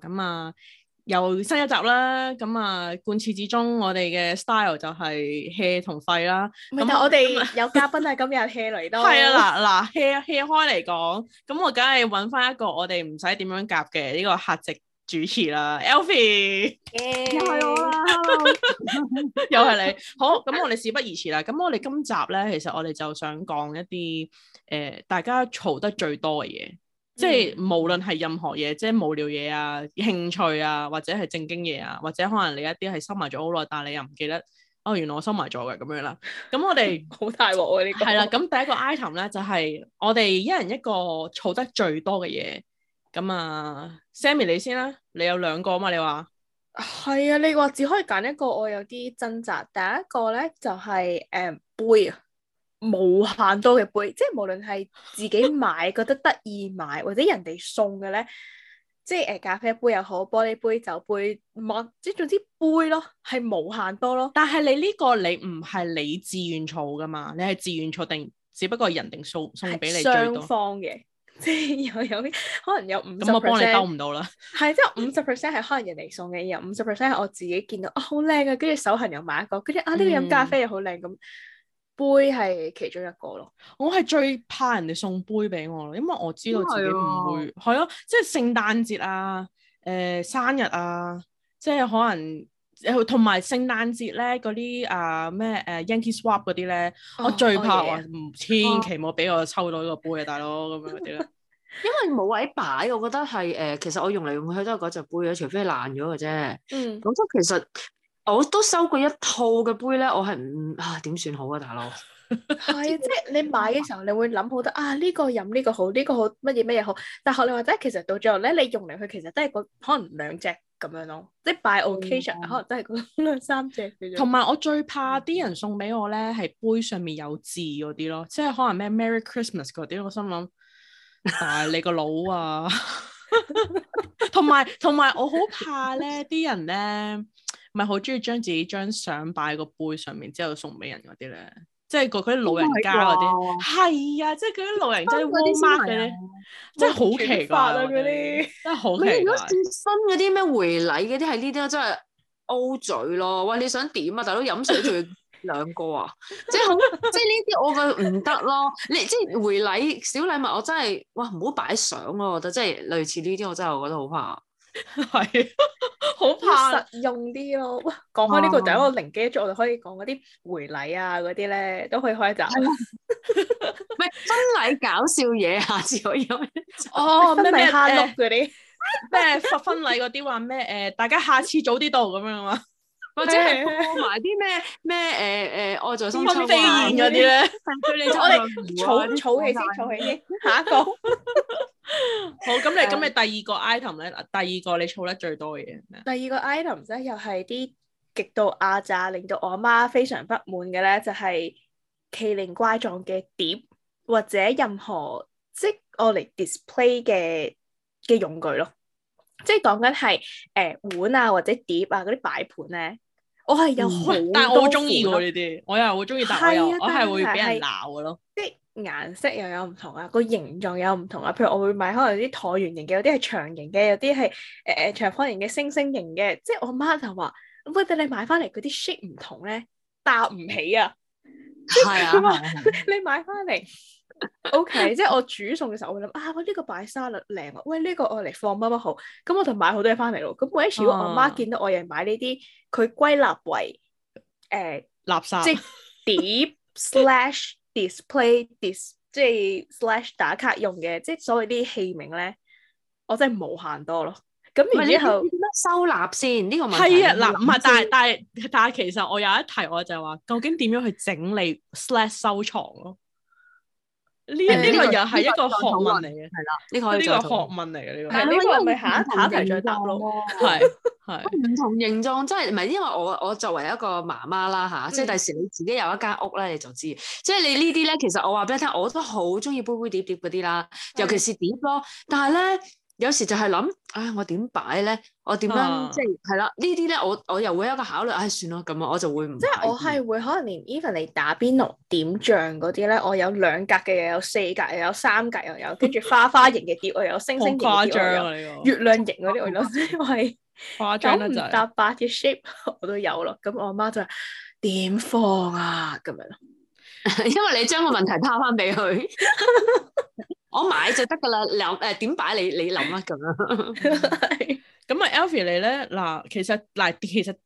咁啊，又新一集啦，咁啊，貫徹始終，我哋嘅 style 就係 hea 同廢啦。咁但我哋有嘉賓啦，今日 hea 嚟㗎。係啊，嗱嗱 hea hea 開嚟講，咁我梗係揾翻一個我哋唔使點樣夾嘅呢個客席主持啦 Alvin 又係我啦，又係你。好，咁我哋事不宜遲啦，咁我哋今集咧，其實我哋就想講一啲誒、呃、大家吵得最多嘅嘢。即係無論係任何嘢，即係無聊嘢啊、興趣啊，或者係正經嘢啊，或者可能你一啲係收埋咗好耐，但係你又唔記得，哦原來我收埋咗嘅咁樣啦。咁我哋好 大鑊喎呢個。係啦， 咁第一個 item 咧就係、是、我哋一人一個儲得最多嘅嘢。咁啊，Sammy 你先啦，你有兩個啊嘛？你話。係啊，你話只可以揀一個，我有啲掙扎。第一個咧就係、是、誒、呃、杯。無限多嘅杯，即係無論係自己買 覺得得意買，或者人哋送嘅咧，即係誒咖啡杯又好，玻璃杯、酒杯，冇即係總之杯咯，係無限多咯。但係你呢個你唔係你自願儲噶嘛，你係自願儲定，只不過係人哋送送俾你。雙方嘅，即係有有啲可能有五十。咁我幫你兜唔到啦。係即係五十 percent 係可能人哋送嘅，又五十 percent 係我自己見到啊好靚啊，跟住手痕又買一個，跟住啊呢個飲咖啡又好靚咁。嗯杯係其中一個咯，我係最怕人哋送杯俾我咯，因為我知道自己唔會係咯、啊啊，即係聖誕節啊、誒、呃、生日啊，即係可能有同埋聖誕節咧嗰啲啊咩誒 Yankee Swap 嗰啲咧，啊啊呢哦、我最怕揾，哦、千祈唔好俾我抽到呢個杯啊，大佬咁樣啲啦。哦、 因為冇位擺，我覺得係誒、呃，其實我用嚟用去都係嗰隻杯啊，除非爛咗嘅啫。嗯，咁即係其實。 我都收過一套嘅杯咧，我係唔，啊，點算好啊大佬？係即係你買嘅時候，你會諗好多啊，呢個飲，呢個好，呢個好乜嘢乜嘢好。但係學你話齋，其實到最後咧，你用嚟去其實都係個可能兩隻咁樣咯，即係 by occasion 可能都係兩三隻嘅啫。同埋我最怕啲人送俾我咧，係杯上面有字嗰啲咯，即係可能咩 Merry Christmas 嗰啲，我心諗， 但係你個腦啊！同埋同埋我好怕咧，啲人咧。 咪好中意將自己張相擺喺個杯上面之後送俾人嗰啲咧，即係佢嗰啲老人家嗰啲，係啊，即係佢啲老人家啲嘅蝦，即係好奇怪啊！嗰啲真係好奇怪。新嗰啲咩回禮嗰啲係呢啲真係 O 嘴咯。喂！你想點啊？大佬飲水仲要兩個啊，即係好即係呢啲我覺得唔得咯。你即係回禮小禮物，我真係哇唔好擺相咯，我覺得即係類似呢啲，我真係我覺得好怕。係， 好怕啦實用啲咯。講開呢個第一個零記憶，我就可以講嗰啲回禮啊，嗰啲咧都可以開一集。唔係婚禮搞笑嘢，下次可以用 哦，婚禮卡碌嗰啲，咩婚婚禮嗰啲話咩？誒，大家下次早啲到咁樣啊。或者係播埋啲咩咩誒誒，外在心粗啲嘅啲咧。我哋儲儲起先，儲起，起先。下一個 好，咁你今日，第二個 item 咧，第二個你儲得最多嘅嘢係咩？嗯、第二個 item 咧，又係啲極度亞、啊、渣，令到我阿媽非常不滿嘅咧，就係、是、奇形怪狀嘅碟或者任何即係我嚟 display 嘅嘅用具咯。即係講緊係誒碗啊或者碟啊嗰啲擺盤咧。我係有好、嗯、但係我好中意喎呢啲，我又好中意，但係我又我係會俾人鬧嘅咯。即係顏色又有唔同啊，個形狀又有唔同啊。譬如我會買可能有啲橢圓形嘅，有啲係長形嘅，有啲係誒誒長方形嘅、星星形嘅。即係我媽就話，點解你買翻嚟嗰啲 shape 唔同咧？搭唔起啊！佢 啊， 你買翻嚟。 o、okay, K，即係我煮餸嘅時候，我會諗啊，我呢個擺沙律靚啊，喂，呢、這個我嚟放乜乜好，咁我就買好多嘢翻嚟咯。咁，萬一如果我媽見到我有人買呢啲，佢歸納為誒、呃、垃圾， 即碟 slash display dis，即係 slash 打卡用嘅，即係所謂啲器皿咧，我真係無限多咯。咁然、啊、之後點樣收納先？呢、這個問題係啊，嗱，唔係，但係但係但係，其實我有一題，我就係話，究竟點樣去整理 slash 收藏咯？呢呢個又係一個學問嚟嘅，係啦，呢個呢個學問嚟嘅呢個。但係呢個咪下一下一題再答咯，係係唔同形狀，即係唔係因為我我作為一個媽媽啦嚇，即係第時你自己有一間屋咧，你就知。即係你呢啲咧，其實我話俾你聽，我都好中意杯杯碟碟嗰啲啦，尤其是碟咯。但係咧。有時就係諗，唉、哎，我點擺咧？我點樣、啊、即係係啦？呢啲咧，我我又會有一個考慮，唉、哎，算咯，咁啊，我就會唔即係我係會可能連 even 你打邊爐點醬嗰啲咧，我有兩格嘅，又有四格，又有三格，又有跟住花花型嘅碟，我有星星型嘅碟， 啊、月亮型嗰啲，啊、 我因為誇張唔搭八嘅 shape 我都有咯。咁我阿媽就點、是、放啊？咁樣咯，因為你將個問題拋翻俾佢。 我買就得噶啦，諗誒點擺你你諗乜咁啊？咁啊 Alfie 你咧嗱，其實嗱，其實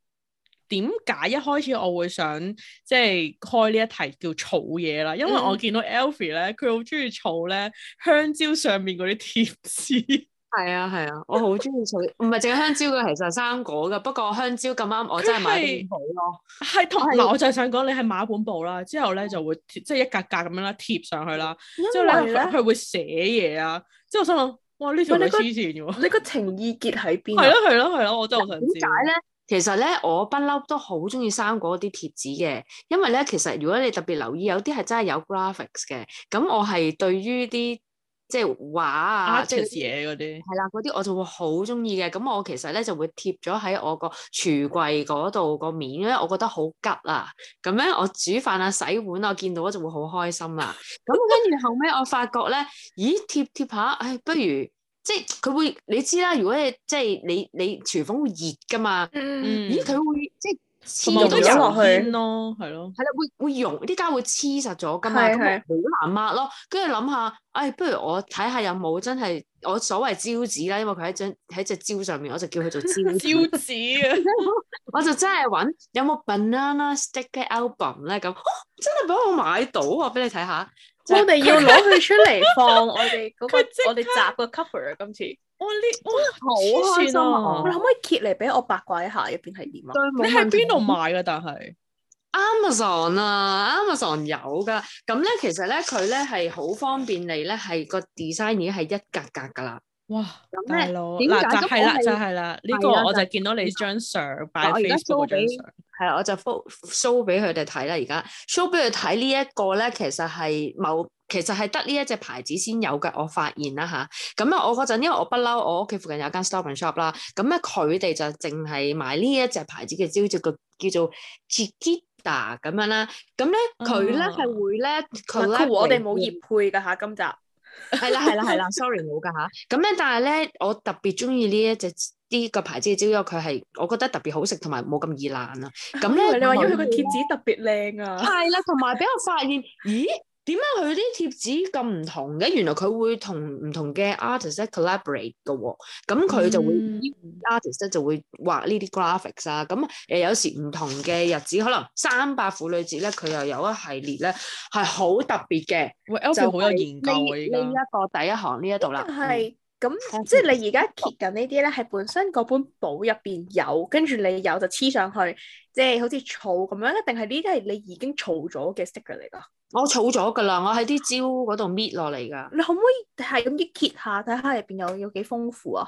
點解一開始我會想即係、就是、開呢一題叫儲嘢啦，因為我見到 Alfie 咧，佢好中意儲咧，香蕉上面嗰啲貼紙。係啊係啊，我好中意食，唔係淨係香蕉嘅，其實生果噶，不過香蕉咁啱我真係買本簿咯。係同埋我就想講，你係買本簿啦，之後咧就會即係、就是、一格格咁樣啦貼上去啦。因為咧佢會寫嘢啊，之後我心諗，哇呢條好黐線，你個情意結喺邊啊？係咯係咯係咯，我都好想知。點解咧？其實咧，我不嬲都好中意生果嗰啲貼紙嘅，因為咧其實如果你特別留意，有啲係真係有 graphics 嘅，咁我係對於啲。即係畫啊，即係嘢嗰啲係啦，嗰啲我就會好中意嘅。咁我其實咧就會貼咗喺我個櫥櫃嗰度個面，因為我覺得好吉啊。咁咧我煮飯啊、洗碗啊，我見到我就會好開心啊。咁跟住後尾我發覺咧，咦貼貼下，唉不如即係佢會你知啦，如果即你即係你你廚房會熱噶嘛，嗯、咦佢會即係。黐都入落去咯，係的咯，係啦，會會溶啲膠會黐實咗噶嘛，好難抹咯。跟住諗下，哎，不如我睇下有冇真係我所謂蕉紙啦，因為佢喺張喺隻蕉上面，我就叫佢做蕉蕉紙啊。 我就真係揾有冇 banana s t i c k album 咧咁，哦，真係俾我買到，啊，俾你睇下。我哋要攞佢出嚟放我哋嗰、嗰個， 刻我哋集個 cover 啊！今次，哇呢，哇好開心啊！你可唔可以揭嚟俾我八卦一下？入邊係點啊？你喺邊度買噶？但係 Amazon 啊，Amazon 有噶。咁咧，其實咧，佢咧係好方便你呢，咧，係個 design 已經係一格格噶啦。哇，咁大佬，點解係啦，就係啦，呢個我就見到你張相擺喺 Facebook，係啊，我就 show 俾佢哋睇啦，而家 show 俾佢睇呢一個咧，其實係某，其實係得呢一隻牌子先有嘅，我發現啦吓。咁啊，那我嗰陣因為我不嬲，我屋企附近有間 store and shop 啦，咁咧佢哋就淨係賣呢一隻牌子嘅蕉叫個叫做 Chiquita 咁樣啦。咁咧佢咧係會咧，嗯、我哋冇業配噶吓、啊，今集。係啦，係啦，係啦，sorry 冇噶吓，咁咧，但係咧，我特別中意呢一隻啲、這個牌子嘅椒咗，佢係，我覺得特別好食，同埋冇咁易爛 的啊。咁咧，你話因為佢個貼紙特別靚啊，係啦，同埋俾我發現 咦？點解佢啲貼紙咁唔同嘅？原來佢會同唔同嘅 artist collaborate 嘅，咁佢就會 artist、嗯、就會畫呢啲 graphics 啊。咁誒有時唔同嘅日子，可能三八婦女節咧，佢又有一系列咧，係好特別嘅，就好、是、有研究啊！呢一個第一行呢一度啦，係咁、嗯嗯、即係你而家揭緊呢啲咧，係本身嗰本簿入邊有，跟住你有就黐上去，即、就、係、是、好似草咁樣，定係呢啲係你已經儲咗嘅 sticker 嚟噶？我儲咗噶啦，我喺啲招嗰度搣落嚟噶。你可唔可以係咁啲，揭，揭下，睇下入邊有有幾豐富啊？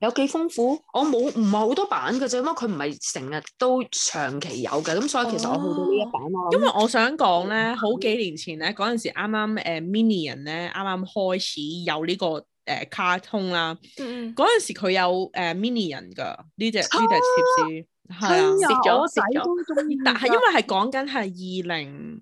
有幾豐富？我冇，唔係好多版嘅啫嘛。因為佢唔係成日都長期有嘅，咁所以其實我去到呢一版啦。哦、很因為我想講咧，嗯、好幾年前咧，嗰陣時啱啱誒 Minion 咧，啱啱開始有呢個誒卡通啦。嗯嗯。嗰時佢有誒 Minion 嘅呢隻呢隻設施，係啊，蝕咗蝕咗。但係因為係講緊係二零。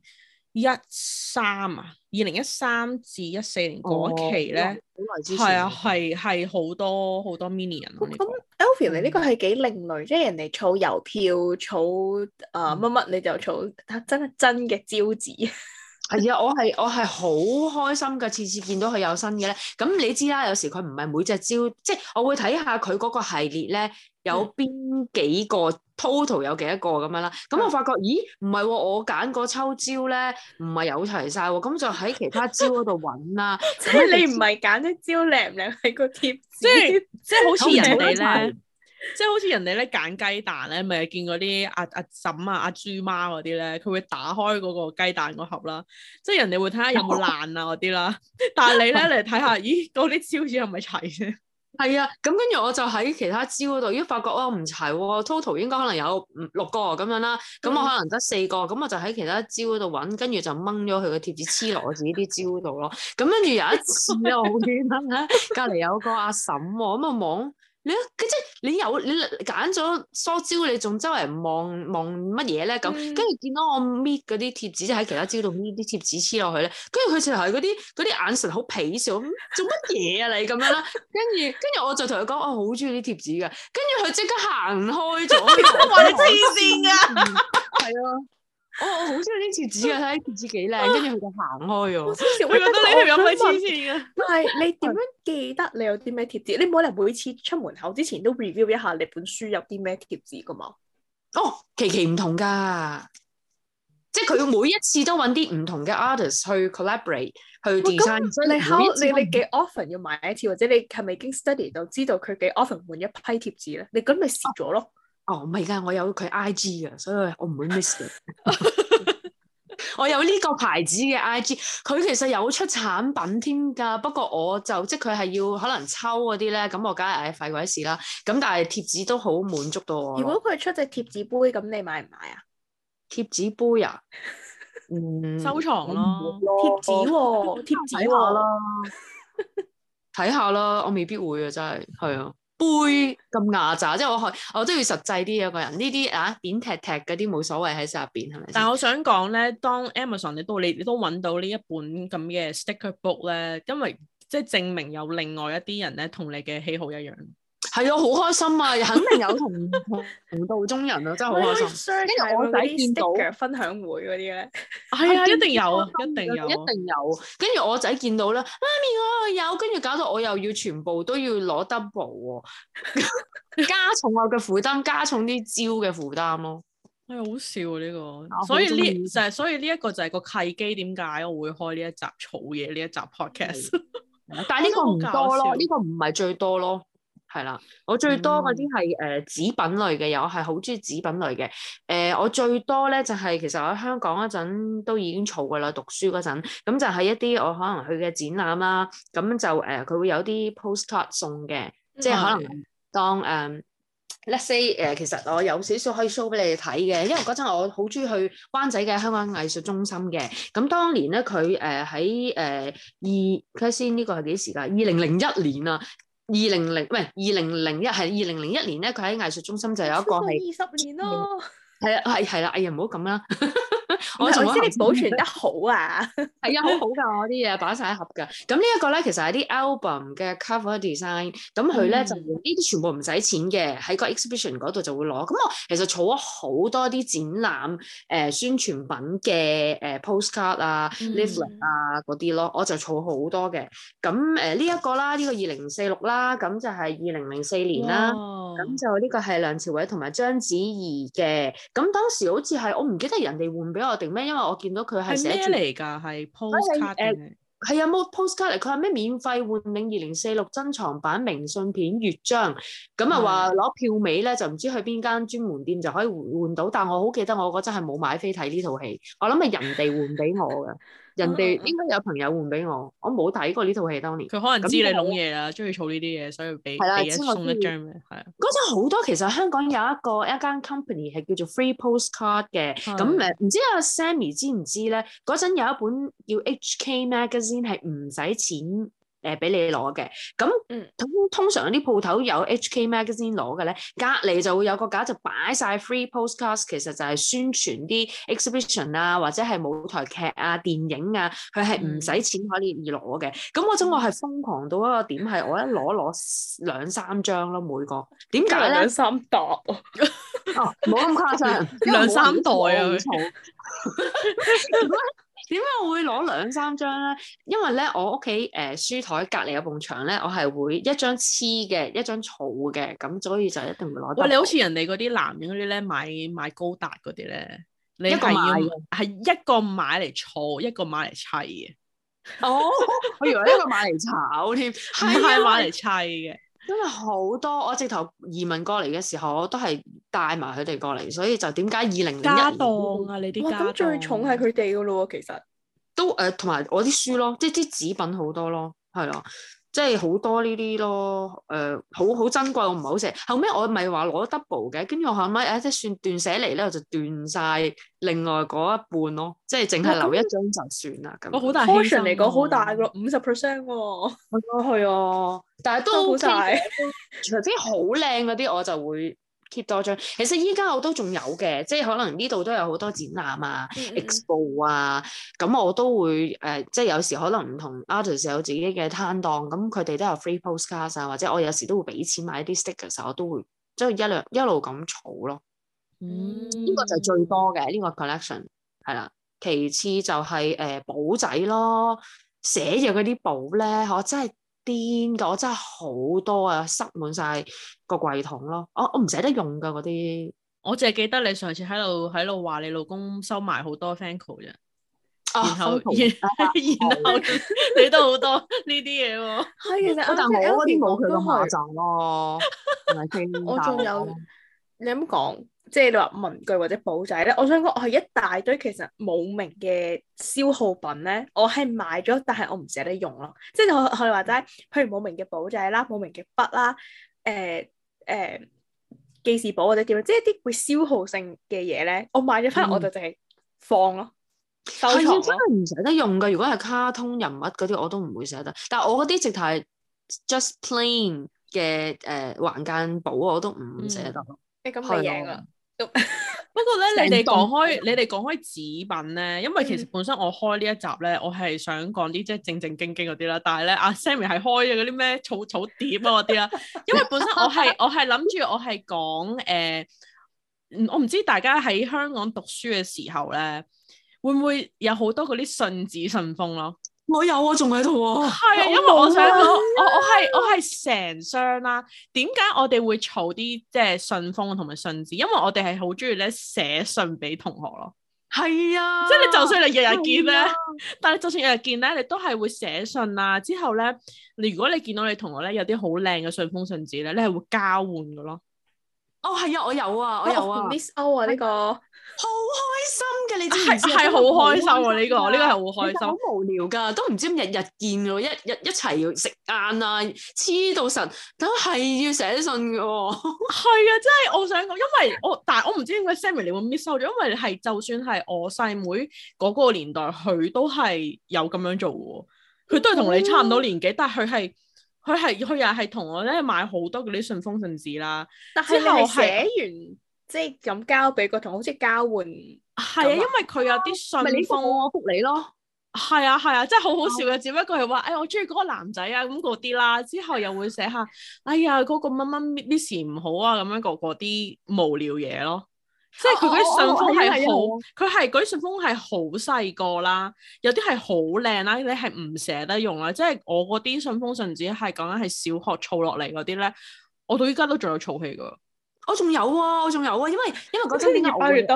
一三啊，二零一三至一四年嗰期咧，係、哦、啊，係係好多好多 mini 人、啊。咁 Alvin，哦、你呢個係幾另類，嗯、即係人哋儲郵票、儲啊乜乜，呃、什麼什麼你就儲真真真嘅招紙。 係啊，我係我係好開心㗎，次次見到佢有新嘅咧。咁你知啦，有時佢唔係每隻招，即係我會睇下佢嗰個系列咧，有邊幾個 total、嗯、有幾多個咁樣啦。咁我發覺，嗯、咦，唔係喎，我揀個秋招咧，唔係有齊晒喎。咁就喺其他招嗰度揾啦。 即係你唔係揀啲招靚靚係個貼，即係即係好似人哋咧。嗯即係好似人哋咧，揀雞蛋咧，咪見嗰啲阿阿嬸啊、阿豬媽嗰啲咧，佢會打開嗰個雞蛋嗰盒啦。即係人哋會睇下有冇爛啊嗰啲啦。但係你咧嚟,睇下，咦，嗰啲招紙係咪齊啫？係 啊，咁跟住我就喺其他招嗰度，咦，發覺啊唔齊喎，total 應該可能有六個咁樣啦。咁我可能得四個，咁我就喺其他招嗰度搵，跟住就掹咗佢嘅貼紙黐落我自己啲招度咯。咁跟住有一次啊，我見到咧，隔籬有個阿嬸，咁啊望。你佢即係你有你揀咗梳蕉，你仲周圍望望乜嘢咧？咁跟住見到我搣嗰啲貼紙，即喺其他蕉度搣啲貼紙黐落去咧。跟住佢就係嗰啲啲眼神好鄙笑，我，做乜嘢啊你咁樣啦？跟住跟住我就同佢講，我好中意啲貼紙嘅。跟住佢即刻行開咗， 你黐線㗎，係啊！ 我我好中意呢啲貼紙噶，睇啲貼紙幾靚，跟住佢就行開噶。黐線，我覺得你係咪黐線啊？唔係，你點樣記得你有啲咩貼紙？ 你冇咧，每次出門口之前都 review 一下你本書有啲咩貼紙噶嘛？哦，期期唔同噶，即係佢每一次都揾啲唔同嘅 artist 去 collaborate 去 design。你 how 你你幾 often 要買一次，或者你係咪已經 study 到知道佢幾 often 換一批貼紙咧？你咁咪蝕咗咯？啊哦，唔係噶，我有佢 I G 噶，所以我唔會 miss 嘅。 我有呢個牌子嘅 I G，佢其實有出產品添噶，不過我就即係佢係要可能抽嗰啲咧，咁我梗係唉廢鬼事啦。咁但係貼紙都好滿足到我。如果佢出隻貼紙杯，咁你買唔買啊？貼紙杯啊？嗯， 收藏咯，貼紙喎，貼紙話咯，睇下咯，我未必會啊，真係係啊。杯咁牙渣，即係我去，我都要實際啲嘅人。呢啲啊，扁踢踢嗰啲冇所謂喺手入邊，係咪？但係我想講咧，當 Amazon 你都你你都揾到呢一本咁嘅 sticker book 咧，因為即係證明有另外一啲人咧，同你嘅喜好一樣。係啊，好開心啊，肯定有同 同道中人啊，真係好開心。跟住 我仔見到嘅分享會嗰啲咧，係啊、哎呀，一定有啊，一定有、啊，一定有、啊。跟住我仔見到咧，媽咪、啊、我有，跟住搞到我又要全部都要攞 double、啊、 加重我嘅負擔，加重啲招嘅負擔咯、啊。 哎呀，好笑啊呢、呢個，所以呢，所以呢一個就係個契機，點解我會開呢一集草嘢呢一集 podcast？是的 但係呢個唔多咯，呢、呢個唔係最多咯。 係啦，我最多嗰啲係誒紙品類嘅，我係好中意紙品類嘅。誒、呃，我最多咧就係、是、其實我喺香港嗰陣都已經儲過啦，讀書嗰陣，咁就係一啲我可能去嘅展覽啦、啊。咁就誒，佢、呃、會有啲 postcard 送嘅，即係可能當誒、呃、的，let’s say 誒、呃，其實我有少少可以 show 俾你哋睇嘅，因為嗰陣我好中意去灣仔嘅香港藝術中心嘅。咁當年咧，佢誒喺誒二，睇先呢個係幾時噶？二零零一年啊。二零零，唔係二零零一，係二零零一年咧，佢喺藝術中心就有一個係二十年咯。係啊，係係啦，哎呀唔好咁啦。 我總之 你保存得好啊，係 啊， 好好噶，我啲嘢擺晒喺盒噶。咁呢一,一個咧，其實係啲 album 嘅 cover design，咁佢咧就呢啲全部唔使錢嘅，喺個 exhibition 嗰度就會攞。咁我其實儲咗好多啲展覽誒、呃、宣傳品嘅誒 postcard 啊 leaflet 啊嗰啲咯，我就儲好多嘅。咁誒呢一個啦，呢、這個二零四六啦，咁就係二零零四年啦，咁哇就呢個係梁朝偉同埋章子怡嘅。咁當時好似係我唔記得人哋換俾我。定咩？因為我見到佢係寫住嚟㗎，係 postcard 嚟。係啊，冇 postcard 嚟。佢話咩？免費換領二零四六珍藏版明信片月章。咁啊話攞票尾咧，就唔知去邊間專門店就可以換換到。但我好記得我嗰陣係冇買飛睇呢套戲。我諗係人哋換俾我㗎。 人哋應該有朋友換俾我，我冇睇過呢套戲當年。佢可能知你攏嘢啦，中意儲呢啲嘢，所以俾第的一知知送一張咩？係啊。嗰陣好多其實香港有一個一間 company 係叫做 Free Postcard 嘅，咁誒唔知阿 Sammy 知唔知咧？嗰陣有一本叫 H.K. Magazine 係唔使錢。誒俾你攞嘅，咁、嗯、通通常啲鋪頭有 HK Magazine 攞嘅咧，隔離就會有個架就擺晒 free postcards，其實就係宣傳啲 exhibition 啊，或者係舞台劇啊、電影啊，佢係唔使錢可以攞嘅。咁我陣我係瘋狂到一個點係，我一攞攞兩三張咯，每個。點解咧？兩三沓啊！冇咁誇張，兩三袋啊！麼 點解我會攞兩三張咧？因為咧我屋企誒書台隔籬有埲牆咧，我係、呃、會一張黐嘅，一張草嘅，咁所以就一定會攞。哇、哦！你好似人哋嗰啲男人嗰啲咧，買買高達嗰啲咧，你一係要係一個買嚟坐，一個買嚟砌嘅。 哦，我以為一個買嚟炒添，唔係、 啊、買嚟砌嘅。因為好多，我直頭移民過嚟嘅時候，我都係帶埋佢哋過嚟，所以就點解二零零一？家當啊，你啲家當。哇！咁最重係佢哋個咯，其實。都誒，同、呃、埋我啲書咯，即係啲紙品好多咯，係咯、啊。即係好多呢啲咯，誒、呃，好好珍貴，我唔係好食。後尾我咪話攞 double 嘅，跟住我後尾誒即係算斷捨離咧，我就斷晒另外嗰一半咯，即係淨係留一張就算啦。咁、啊、樣我好大犧牲嚟講，好大喎，五十 percent 喎。係、哦、 啊，但係都好晒，除非好靚嗰啲我就會。keep 多張，其實依家我都仲有嘅，即係可能呢度都有好多展覽啊、mm hmm. expo 啊，咁我都會誒、呃，即係有時可能唔同 artist 有自己嘅攤檔，咁佢哋都有 free postcard 啊，或者我有時都會俾錢買一啲 sticker，實、啊、我都會即係一兩一路咁儲咯。嗯、mm，呢、hmm. 個就係最多嘅呢、呢個 collection，係啦。其次就係誒簿仔咯，寫咗嗰啲簿咧，我真係～癲噶，我真係好多啊，塞滿晒個櫃桶咯。我我唔捨得用噶嗰啲。我淨係記得你上次喺度喺度話你老公收埋好多 Fancl 嘅，然後然然後你都好多呢啲嘢。係其實我但係我邊冇佢咁誇張咯。我仲有你咁講。即係你話文具或者簿仔咧，我想講我係一大堆其實冇名嘅消耗品咧，我係買咗，但係我唔捨得用咯。即、就、係、是、我我哋話齋，譬如冇名嘅簿仔啦，冇名嘅筆啦，誒誒記事簿或者點樣，即係啲會消耗性嘅嘢咧，我買咗翻嚟我就淨係放咯。係啊、嗯，真係唔捨得用噶。如果係卡通人物嗰啲，我都唔會捨得。但係我嗰啲直頭係 just plain 嘅誒橫間簿，我都唔捨得、嗯。你咁你贏啦。 不過咧呢，你哋講開，你哋講開紙 品咧，因為其實本身我開呢一集咧，我係想講啲即係正正經經嗰啲啦，但係咧阿、啊、Sammy 係開咗嗰啲咩草草碟啊嗰啲啦， 因為本身我係我係諗住我係講誒，我唔、呃、知大家喺香港讀書嘅時候咧，會唔會有好多嗰啲信紙信封咯？我有啊，仲喺度喎。係啊，因為我想講、啊、我我我係、啊、我係成箱啦。點解我哋會儲啲即係信封同埋信紙？因為我哋係好中意咧寫信俾同學咯。係啊，即係你就算你日日見咧，啊、但係就算日日見咧，你都係會寫信啊。之後咧，你如果你見到你同學咧有啲好靚嘅信封信紙咧，你係會交換噶咯。哦，係啊，我有啊，哎、我有啊，我有啊，Miss O 啊、這、呢個。好開心嘅，你知唔知？係係好開心啊！呢個呢個係好開心。好無聊噶，都唔知日日見嘅，一日一齊要食晏啦，黐到神，都係要寫信嘅。係啊，真係我想講，因為我但係我唔知點解 Sammy 你會 miss 收咗，因為係就算係我細妹嗰個年代，佢都係有咁樣做嘅。佢都係同你差唔多年紀，嗯、但係佢係佢係佢又係同我咧買好多嗰啲信封信紙啦。但係你寫完。即係咁交俾個同學，好似交換。係啊，因為佢有啲信封，啊、你我覆你咯。係啊係啊，啊，真係好好笑嘅，只不過係話，誒、哎，我中意嗰個男仔啊，咁嗰啲啦，之後又會寫下， 哎呀，嗰、那個乜乜 miss 唔好啊，咁、那、樣個、那個啲無聊嘢咯。即係佢嗰啲信封係好，佢係嗰啲信封係好細個啦，有啲係好靚啦，你係唔捨得用啦。即係我嗰啲信封信紙係講緊係小學儲落嚟嗰啲咧，我到依家都仲有儲起噶。我仲有啊！我仲有啊！因為因為嗰陣八月都……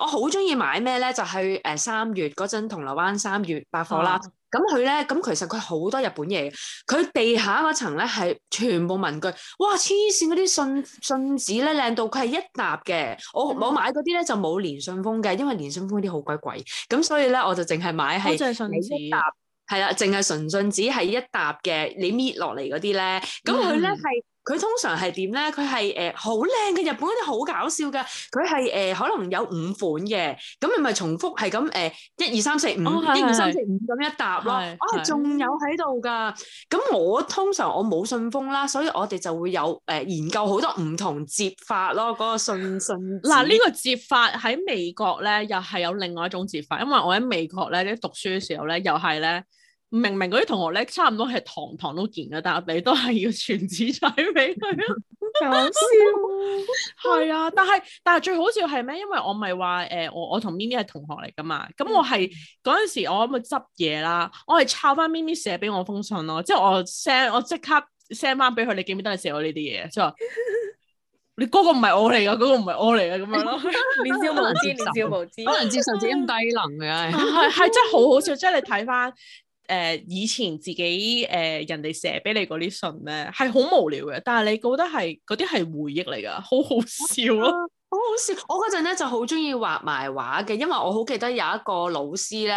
我好中意買咩咧？就係誒三月嗰陣銅鑼灣三月百貨啦。咁佢咧，咁其實佢好多日本嘢，佢地下嗰層咧，係全部文具。哇！黐線嗰啲信信紙咧，靚到佢，係一沓嘅。我、嗯、我買嗰啲咧，就冇連信封嘅，因為連信封嗰啲好鬼貴。咁所以咧，我就淨係買係純信紙。係啦，淨係純信紙係一沓嘅。你搣落嚟嗰啲咧，咁佢咧係。嗯佢通常係點咧？佢係誒好靚嘅日本啲好搞笑噶。佢係誒可能有五款嘅，咁你咪重複係咁誒一二三四五，一二三四五咁一搭咯。啊，仲有喺度噶。咁我通常我冇信封啦，所以我哋就會有誒、呃、研究好多唔同接法咯。嗰、那個信信。嗱，呢個接法喺美國咧，又係有另外一種接法，因為我喺美國咧，咧讀書嘅時候咧，又係咧。明明嗰啲同學咧，差唔多係堂堂都見嘅，但係你都係要傳紙仔俾佢，搞， 笑。係 啊，但係但係最好笑係咩？因為我咪話誒，我我同咪咪係同學嚟噶嘛。咁我係嗰陣時我、欸，我咪執嘢啦，我係抄翻咪咪寫俾我封信咯。即係我 send，我即刻 send 翻俾佢。你記唔記得你寫你我呢啲嘢？即係話你嗰個唔係我嚟嘅，嗰個唔係我嚟嘅，咁樣咯。年少無知，年少無知，可能接受自己咁低能嘅，係係真係好好笑。即係你睇翻。誒、呃、以前自己誒、呃、人哋寫俾你嗰啲信咧，係好無聊嘅，但係你覺得係嗰啲係回憶嚟噶，好好笑咯，好好笑！我嗰陣咧就好中意畫埋畫嘅，因為我好記得有一個老師咧，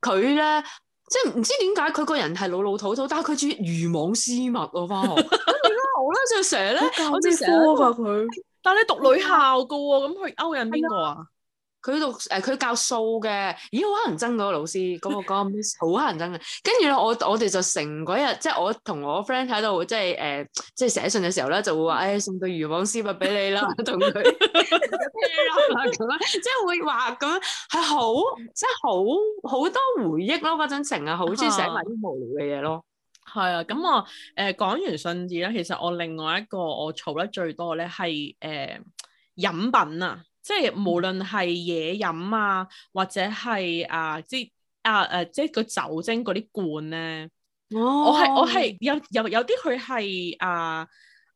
佢咧即係唔知點解佢個人係老老土土，但係佢中意魚網絲襪喎、啊，翻學點啊！我咧就成日咧好似科㗎佢，ając, 但係你讀女校噶喎，咁佢勾引邊個啊？佢度誒，佢教數嘅，咦好乞人憎嗰個老師，嗰個嗰個 miss 好乞人憎嘅。跟住咧，我我哋就成嗰日，即係我同我 friend 喺度，即係誒、呃，即係寫信嘅時候咧，就會話，誒、哎，送到魚網絲襪俾你啦，同佢啦，咁 樣，即係會話咁，係好，即係好好多回憶咯。嗰陣成日，好中意寫埋啲無聊嘅嘢咯。係啊，咁我誒講、呃、完信紙咧，其實我另外一個我儲得最多咧係誒飲品啊。即係無論係嘢飲啊，或者係啊，啊，啊，即啊誒，即個酒精嗰啲罐咧、哦，我我係我係有有有啲佢係啊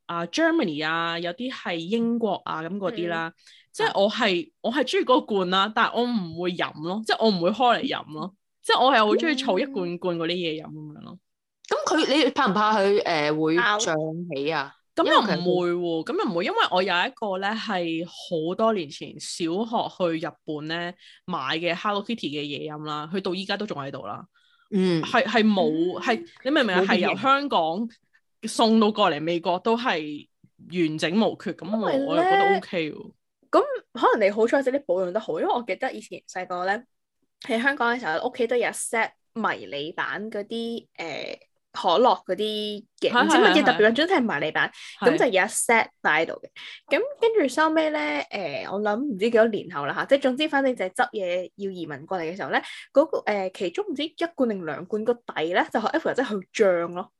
啊 Germany 啊，有啲係英國啊咁嗰啲啦。嗯、即係我係我係中意嗰罐啦，但係我唔會飲咯，即係我唔會開嚟飲咯。即係我係好中意儲一罐罐嗰啲嘢飲咁樣咯。咁佢、嗯、你怕唔怕佢誒、呃、會脹起啊？咁又唔會喎，咁又唔會，因為我有一個咧係好多年前小學去日本咧買嘅 Hello Kitty 嘅嘢飲啦，佢到依家都仲喺度啦。嗯，係係冇係，你明唔明啊？係由香港送到過嚟美國都係完整無缺，咁我又覺得 OK 喎。咁可能你好彩，即係你保養得好，因為我記得以前細個咧喺香港嘅時候，屋企都有一 set 迷你版嗰啲誒。呃可樂嗰啲嘅唔知乜嘢特別，我專登聽迷你版，咁是、嗯、就有一 set 擺喺度嘅。咁跟住收尾咧，誒、呃，我諗唔知幾多年後啦嚇，即係總之反正就係執嘢要移民過嚟嘅時候咧，嗰、那個、呃、其中唔知一罐定兩罐個底咧就 F 即 者佢漲咯。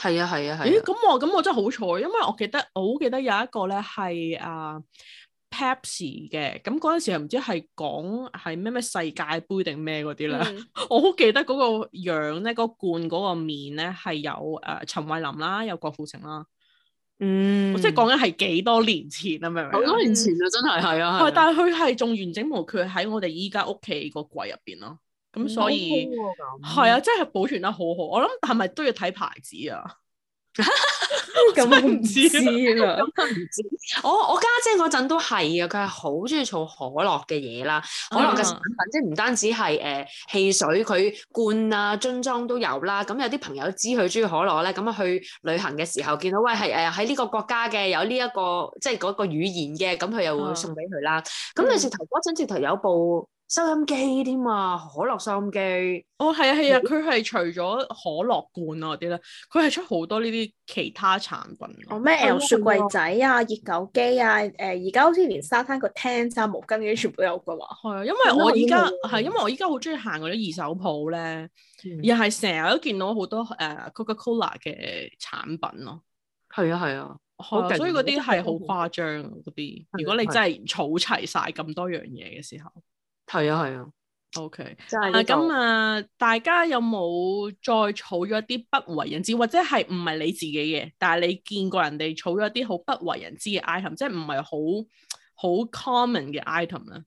係啊係啊係。咦？咁我咁我真係好彩，因為我記得我好記得有一個咧係啊。Uh, caps 嘅咁嗰陣時係唔知係講係咩咩世界杯定咩嗰啲啦，嗯、 我好記得嗰個樣咧，嗰罐嗰個面咧係有誒、呃、陳慧琳啦，有郭富城啦，嗯，即係講緊係幾多年前啊，明唔明？好多年前啊，真係係啊，啊但係佢係仲完整無缺喺我哋依家屋企個櫃入邊咯，咁所以係、嗯嗯、啊，真係保存得好好。我諗係咪都要睇牌子啊？ 咁 我唔知啦，咁我唔知。我我家姐嗰陣都係啊，佢係好中意儲可樂嘅嘢啦，uh huh. 可樂嘅，即係唔單止係誒、呃、汽水，佢罐啊樽裝都有啦。咁有啲朋友知佢中意可樂咧，咁啊去旅行嘅時候見到喂，係誒喺呢個國家嘅有呢、這、一個即係嗰個語言嘅，咁佢又會送俾佢啦。咁你直頭嗰陣，直頭有部。收音機添啊，可樂收音機。哦，係啊，係啊，佢係除咗可樂罐啊啲咧，佢係出好多呢啲其他產品。哦，咩 L 雪櫃仔啊，熱狗機啊，誒，而家好似連沙灘個 tent 毛巾機全部有噶嘛。係啊，因為我依家係，因為我依家好中意行嗰啲二手鋪咧，而係成日都見到好多誒 Coca-Cola 嘅產品咯。係啊，係啊，好，所以嗰啲係好誇張啊，嗰啲。如果你真係儲齊晒咁多樣嘢嘅時候。係啊，係啊，OK。咁啊，大家有冇再儲咗一啲不為人知，或者係唔係你自己嘅？但係你見過人哋儲咗一啲好不為人知嘅 item，即係唔係好好 common 嘅 item 咧？呢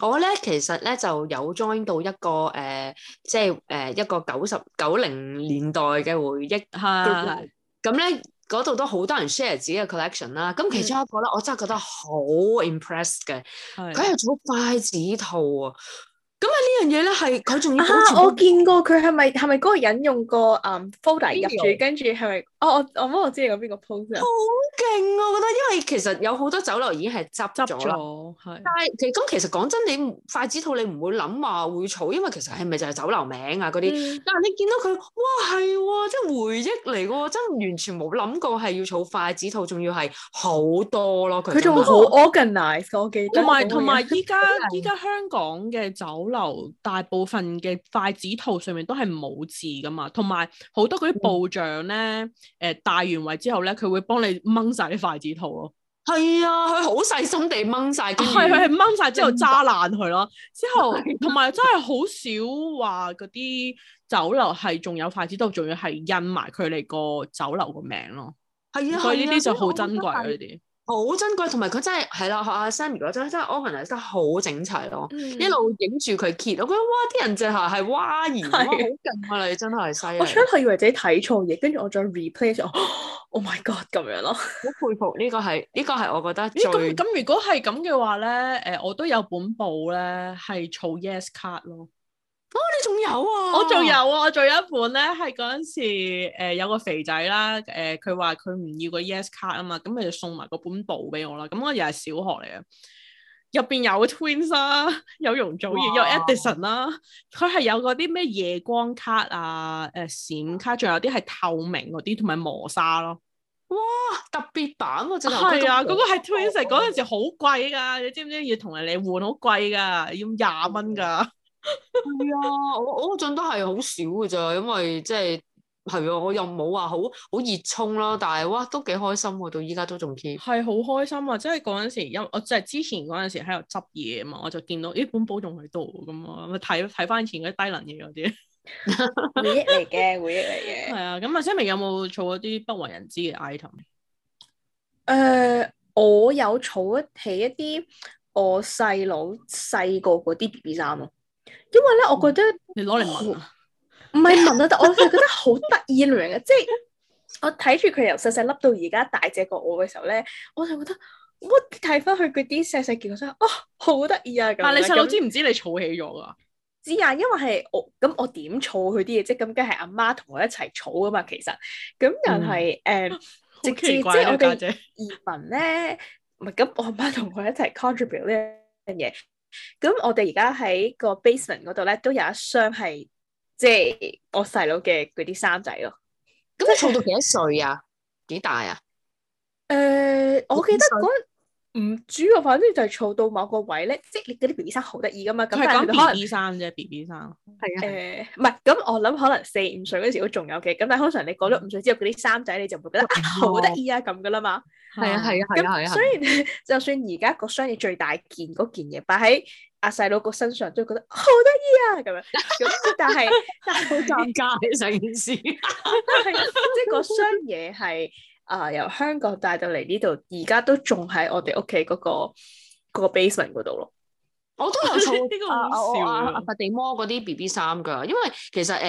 我咧其實咧就有 join 到一個誒、呃，即係誒、呃、一個九十九零年代嘅回憶。係， 咁咧。嗰度都好多人 share 自己嘅 collection 啦，咁其中一個咧，嗯、我真係覺得好 impressed 嘅，佢係做筷子套喎、啊。咁啊呢樣嘢咧，係佢仲要保持、那個啊、我見過佢係咪係咪嗰個引用個嗯 folder 入住，跟住係咪？哦，我唔好，我不知，不知你講邊個 post 好勁啊！我覺得，因為其實有好多酒樓已經係執咗啦。執咗，係。但係其實咁，其實講實真，你筷子套你唔會諗話會儲，因為其實係咪就係酒樓名啊嗰啲？嗯、但係你見到佢，哇係，即係回憶嚟喎！真完全冇諗過係要儲筷，筷子套，仲要係好多咯。佢仲好 organized，我記得同埋同埋，依家依家香港嘅酒。 酒樓大部分嘅筷子套上面都係冇字噶嘛，同埋好多嗰啲部長咧，誒帶、嗯呃、完位之後咧，佢會幫你掹晒啲筷子套咯。係啊，佢好細心地掹晒。係佢係掹晒之後揸爛佢咯。之後同埋的真係好少話嗰啲酒樓係仲有筷子套，仲要係印埋佢哋個酒樓個名咯。係啊，所以呢啲就好珍貴啊！呢啲好珍貴，同埋佢真係係啦，阿 Samir 真真 o p e n i z e 好整齊咯，嗯、一路影住佢揭，我覺得哇啲人真係係詛延，好勁啊！你真係犀利。我初係以為自己睇錯嘢，跟住我再 replace，我 oh my god 咁樣咯，好佩服！呢 個係呢、這個係我覺得最咁、欸。如果係咁嘅話咧，誒我都有本報咧係儲 yes 卡咯。哦，你仲有，啊，有啊？我仲有啊，我仲有一本咧，係嗰陣時誒、呃、有個肥仔啦，誒佢話佢唔要個 yes 卡啊嘛，咁佢就送埋個本簿俾我啦。咁我又係小學嚟嘅，入邊有 twins 啦、啊，有容祖兒，哇有 Edison 啦、啊，佢係有嗰啲咩夜光卡啊，誒、呃、閃卡，仲有啲係透明嗰啲，同埋磨砂咯。哇，特別版喎，真係係啊，嗰個係 twins，嗰陣時好貴噶，哇你知唔知要同人哋換好貴噶，要廿蚊噶。 係 啊，我我嗰陣都係好少嘅咋，因為即係係啊，我又冇話好好熱衷啦。但係哇，都幾開心啊！到依家都仲 keep 係好開心啊！即係嗰陣時，因我就係之前嗰陣時喺度執嘢啊嘛，我就見到咦本寶仲喺度咁啊，睇睇翻前嗰啲低能嘢嗰啲回憶嚟嘅回憶嚟嘅係啊。咁阿小明有冇儲一啲不為人知嘅 item？誒，uh, 我有儲起一啲我細佬細個嗰啲 B B 衫咯。因為咧，我覺得你攞嚟聞啊？唔係聞啊，但係 我就覺得好得意，你明即係我睇住佢由細細粒到而家大隻過我嘅時候咧，我就覺得我睇翻佢嗰啲細細件嘅時候，哦，好得意啊！咁但你細佬樣、嗯、知唔知你儲起咗噶？知啊，因為係我咁我點儲佢啲嘢？即係咁，梗係阿媽同我一齊儲噶嘛。其實咁又係誒，直接即係我哋移民咧，唔係咁，我阿媽同我一齊、啊、我姐 contribute 呢樣嘢。咁我哋而家喺個 basement 嗰度咧，都有一箱係即係我細佬嘅嗰啲衫仔咯。咁佢儲到幾多歲啊？幾 大啊？誒、呃，我記得唔主要反正就係坐到某個位咧，即係你嗰啲 B B 衫好得意噶嘛，咁但係可能 B B 衫啫，B B 衫係啊，誒，唔係，咁我諗可能四五歲嗰時都仲有嘅，咁但係通常你過咗五歲之後嗰啲衫仔你就唔會覺得好得意啊咁噶啦嘛，係啊係啊係啊，咁所以就算而家個箱嘢，最大件嗰件嘢擺喺阿細佬個身上，都覺得好得意啊咁樣，咁但係但係好尷尬嘅成件事，即係個箱嘢係。啊！Uh, 由香港帶到嚟呢度，而家都仲喺我哋屋企嗰個嗰個 basement 嗰度咯。我都有啲個阿地魔嗰啲 B B 衫噶，因為其實誒，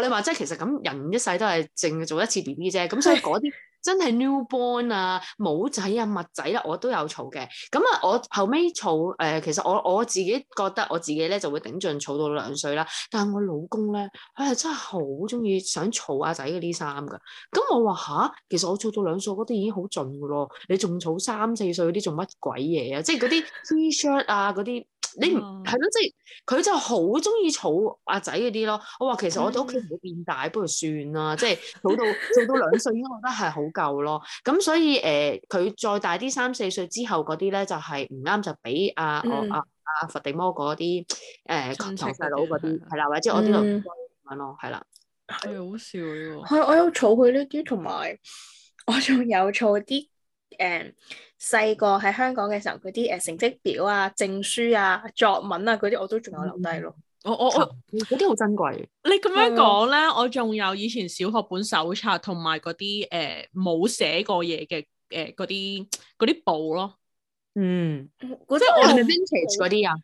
學你話，即係其實咁人一世都係淨係做一次 B B 啫，咁所以嗰啲。真係 newborn 啊，帽仔啊，襪仔啦，啊，我都有儲嘅。咁啊，我後尾儲誒，其實我我自己覺得我自己咧就會頂盡儲到兩歲啦。但係我老公咧，佢係真係好中意想儲阿仔嗰啲衫㗎。咁我話吓，其實我儲到兩歲嗰啲已經好盡㗎咯，你仲儲三四歲嗰啲做乜鬼嘢啊？即係嗰啲 T-shirt 啊，嗰啲。你唔係咯，即係佢就好中意儲阿仔嗰啲咯。我話其實我哋屋企唔會變大，不如算啦。即係儲到儲到兩歲，應該覺得係好夠咯。咁所以誒，佢再大啲三四歲之後嗰啲咧，就係唔啱就俾阿我阿阿佛地魔嗰啲誒同細佬嗰啲係啦，或者我呢度揾咯，係啦。係好笑呢，係，我有儲佢呢啲，同埋我仲有儲啲。誒，細個喺香港嘅時候，嗰啲誒成績表啊、證書啊、作文啊嗰啲，嗯，我都仲有留低咯。我、嗯、我我，嗰啲好珍貴。你咁樣講咧，我仲有以前小學本手冊，同埋嗰啲誒冇寫過嘢嘅誒嗰啲嗰啲簿咯。嗯，嗰啲我係咪 vintage 嗰啲啊？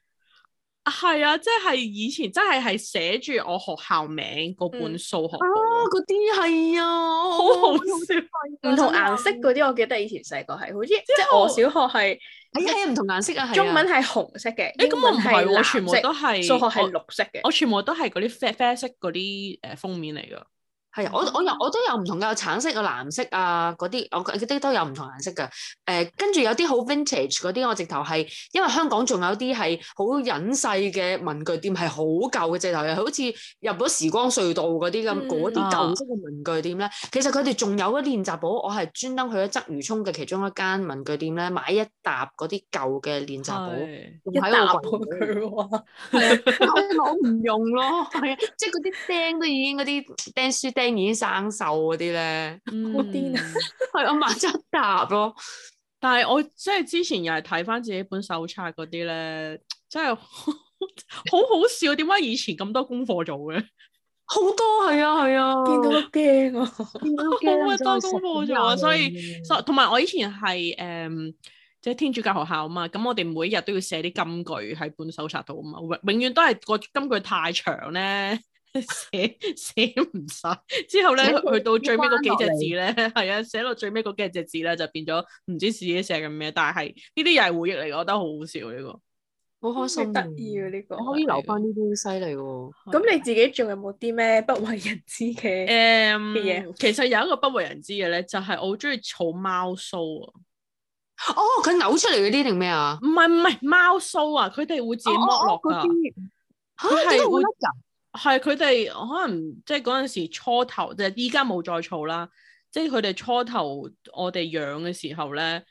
啊，係啊，即係以前，真係係寫住我學校名嗰本數學簿哦，嗰啲係啊，啊好好少少費，唔同顏色嗰啲，我記得以前細個係，好似即係我小學係，係唔同顏色啊，中文係紅色嘅。啊、英文係全部都係，數學係綠色嘅，我全部都係嗰啲啡啡色嗰啲誒封面嚟噶。係啊，我我有我都有唔同嘅，橙色、有藍色啊，嗰啲我嗰啲都有唔同顏色嘅。誒、呃，跟住有啲好 vintage 嗰啲，我直頭係因為香港仲有啲係好隱世嘅文具店，係好舊嘅，直頭又好似入咗時光隧道嗰啲咁，嗰啲舊式嘅文具店咧。嗯啊、其實佢哋仲有一啲練習簿，我係專登去咗鰂魚涌嘅其中一間文具店咧，買一沓嗰啲舊嘅練習簿，的一沓佢話，我唔用咯，即係嗰啲釘都已經嗰啲釘書釘，已經生鏽嗰啲咧，好癲啊！係。 我馬上答咯。但係我即係之前又係睇翻自己本手冊嗰啲咧，真係好，好好笑。點解 以前咁多功課做嘅？好多係啊係啊，啊 見到都驚啊， 見到都驚啊，冇乜多功課做啊。所以，所以同埋我以前係誒，即、um, 係天主教學校啊嘛。咁我哋每一日都要寫啲金句喺本手冊度啊嘛。永永遠都係個金句太長咧。 寫寫唔晒之後咧，去到最尾嗰幾隻字咧，係啊，寫到最尾嗰幾隻字咧，就變咗唔知自己寫緊咩。但係呢啲又係回憶嚟，我覺得好好笑呢個，好開心，得意啊呢個，可以留翻呢啲犀利喎。咁你自己仲有冇啲咩不為人知嘅嘢？其實有一個不為人知嘅咧，就係我好中意儲貓鬚啊。哦，佢扭出嚟嗰啲定咩啊？唔係唔係貓鬚啊，佢哋會自己剝落噶。吓，係好係佢哋可能即係嗰陣時初頭，即係依家冇再燥啦。即係佢哋初頭我哋養嘅時候咧，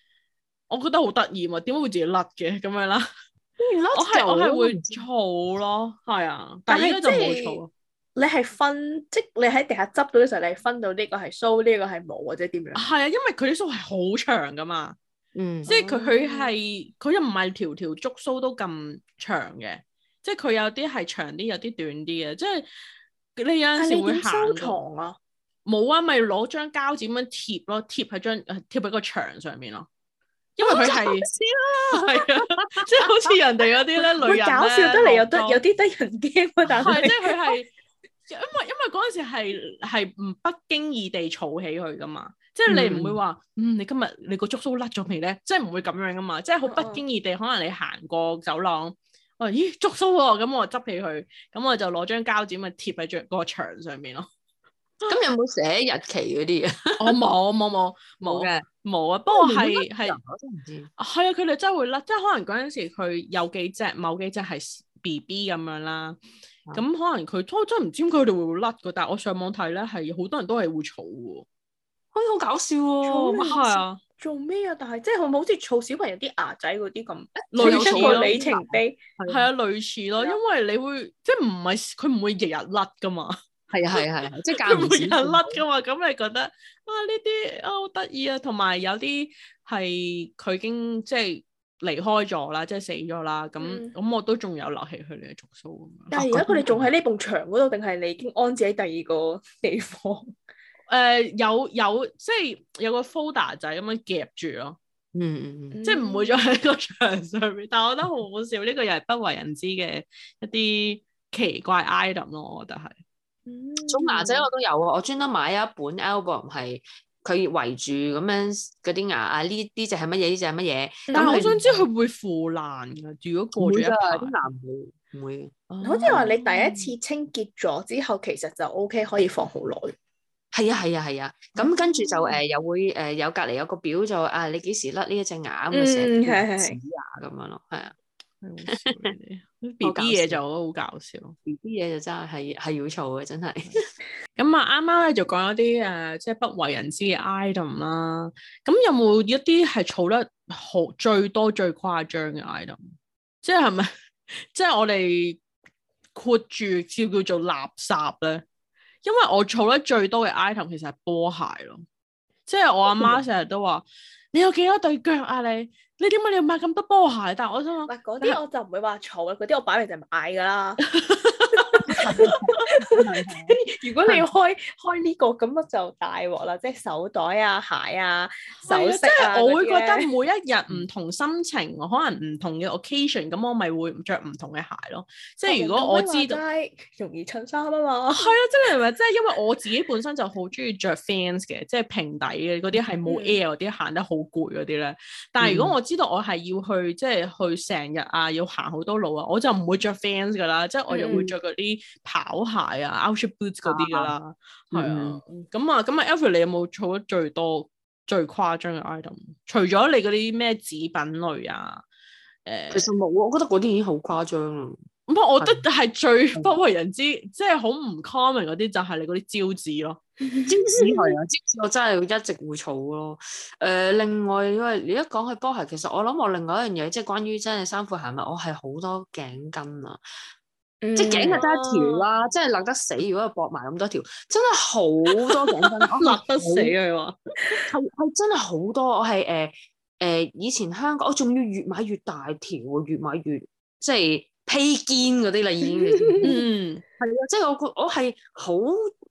我覺得好得意啊！點解會自己甩嘅咁樣啦？嗯、我係我係會燥咯，係啊，但係依家就冇燥。是你係分即係你喺地下執到嘅時候，你係分到呢個係鬚，呢、呢個係毛或者點樣？係啊，因為佢啲鬚係好長噶嘛，嗯，嗯，即係佢佢係佢又唔係條條竹鬚都咁長嘅。即係佢有啲係長啲，有啲短啲嘅。即係你有陣時會行啊，冇啊，咪攞張膠紙咁貼咯，貼喺張誒，貼喺個牆上面咯。因為佢係係啊，即係好似人哋嗰啲咧，女人咧，搞笑得嚟又得，有啲得人驚。但係，即係佢係因為因為嗰陣時係係唔不經意地儲起佢噶嘛。即係你唔會話嗯,嗯，你今日你個竹蘇甩咗未咧？即係唔會咁樣噶嘛。即係好不經意地，可能你行過走廊。咦，捉蘇喎，咁我執起佢，咁我就攞張膠紙咪貼喺張個牆上面咯。咁 有冇寫日期嗰啲啊？我冇冇冇冇嘅，冇啊。不過係係係啊，佢哋真，真係會甩，即係可能嗰陣時佢有幾隻，某幾隻係 B B 咁樣啦。咁、嗯、可能佢真係唔知佢哋會唔會甩噶。但係我上網睇咧，係好多人都係會儲喎。哎，好搞笑喎！啊係啊。做咩啊？但係即係好唔好似湊小朋友啲牙仔嗰啲咁，類似咯。里程碑係啊，類似咯，因為你會即係唔係佢唔會日日甩噶嘛。係啊係啊係啊，即係間唔時。唔會日日甩噶嘛？咁你覺得啊呢啲啊好得意啊，同埋、啊、有啲係佢已經即係離開咗啦，即係死咗啦。咁咁、嗯、我都仲有留起佢哋嘅圖書咁。但係而家佢哋仲喺呢埲牆嗰度，定係你已經安置喺第二個地方？誒、uh,，有有即係有個 folder 仔咁樣夾住咯，嗯嗯、mm hmm. 即係唔會再喺個牆上面。但係我覺得好好笑，呢、這個又係不為人知嘅一啲奇怪 item 咯，我覺得係。種牙仔我都有啊，我專登買一本 album 係佢圍住咁樣嗰啲牙啊，呢呢隻係乜嘢？呢隻係乜嘢？但係是 我想知佢會腐爛㗎，如果過咗一排。會唔會？會啊、好似話你第一次清潔咗之後，其實就 OK 可以放好耐。係啊係啊係啊，咁跟住就誒又會誒有隔離有個表就啊你幾時甩呢一隻牙咁嘅寫紙啊樣咯，係啊。B B 嘢就好搞笑，B B 嘢就真係係係要嘈嘅真係。咁啊啱啱咧就講一啲誒即係不為人知嘅 item 啦，咁有冇一啲係儲得好最多最誇張嘅 item？即係係咪即係我哋括住叫叫做垃圾咧？因為我儲得最多嘅 item 其實係波鞋咯，即係我阿媽成日都話、嗯、你有幾多對腳啊，你？你點解、啊、你要買咁多波鞋？但係我想話，嗰啲我就唔會話儲，嗰啲 我擺明就係買噶啦。 如果你開開呢、這個咁啊就大鑊啦，即係手袋啊、鞋啊、首飾啊，即係我會覺得每一日唔同心情，嗯、可能唔同嘅 occasion，咁、嗯、我咪會着唔同嘅鞋咯。即係如果我知道、哦、容易襯衫啊嘛，係啊，真係咪？即係因為我自己本身就好中意着 fans 嘅， 即係平底嘅嗰啲係冇 air 嗰啲、嗯、行得好攰嗰啲咧。但係如果我知道我係要去，即係去成日啊，要行好多路啊，我就唔會着 fans 噶啦。即係我又會着嗰啲。跑鞋啊 outdoor boots 嗰啲噶啦，係啊，咁啊，咁啊，Eva 你有冇儲咗最多最誇張嘅 item？除咗你嗰啲咩紙品類啊，誒，其實冇啊，我覺得嗰啲已經好誇張啦。唔係，我覺得係最不為人知，的即係好唔 common 嗰啲就係你嗰啲招紙咯。招紙係啊，招紙我真係一直會儲咯。誒、呃，另外因為你一講起波鞋，其實我諗我另外一樣嘢，即係關於真係衫褲鞋襪，我係好多頸巾啊。 嗯、即係頸係得一條啦、啊，即係勒得死。如果佢搏埋咁多條，真係好多頸巾 勒得死佢。係係說真係好多，我係誒誒，以前香港我仲要越買越大條，越買越即係披肩嗰啲啦，已經。 嗯，係啊、嗯，即係我個我係好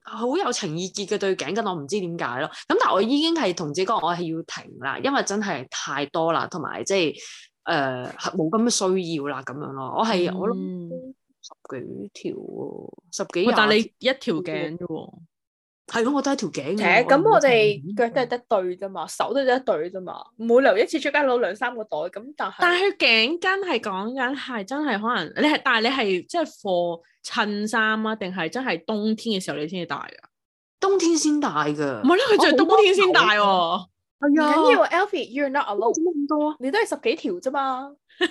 好有情意結嘅對頸巾，我唔知點解咯。咁但係我已經係同自己講，我係要停啦，因為真係太多啦，同埋即係誒冇咁嘅需要啦，咁樣咯。我係我諗。嗯 十幾條喎、啊，十幾十，但係你一條頸啫喎，係咯，我，條頸頸我都係一條頸嘅。咁、嗯，我哋腳都係得對啫嘛，手都得一對啫嘛，每留一次出街攞兩三個袋咁，但係但係佢頸巾係講緊係真係可能你係，但係你係即係貨襯衫啊，定係真係冬天嘅時候你先至戴噶？冬天先戴噶，唔係啦，佢着冬天先戴喎。唔緊要，要，Elfi，you're not alone，咁多，你都係十幾條啫嘛。呢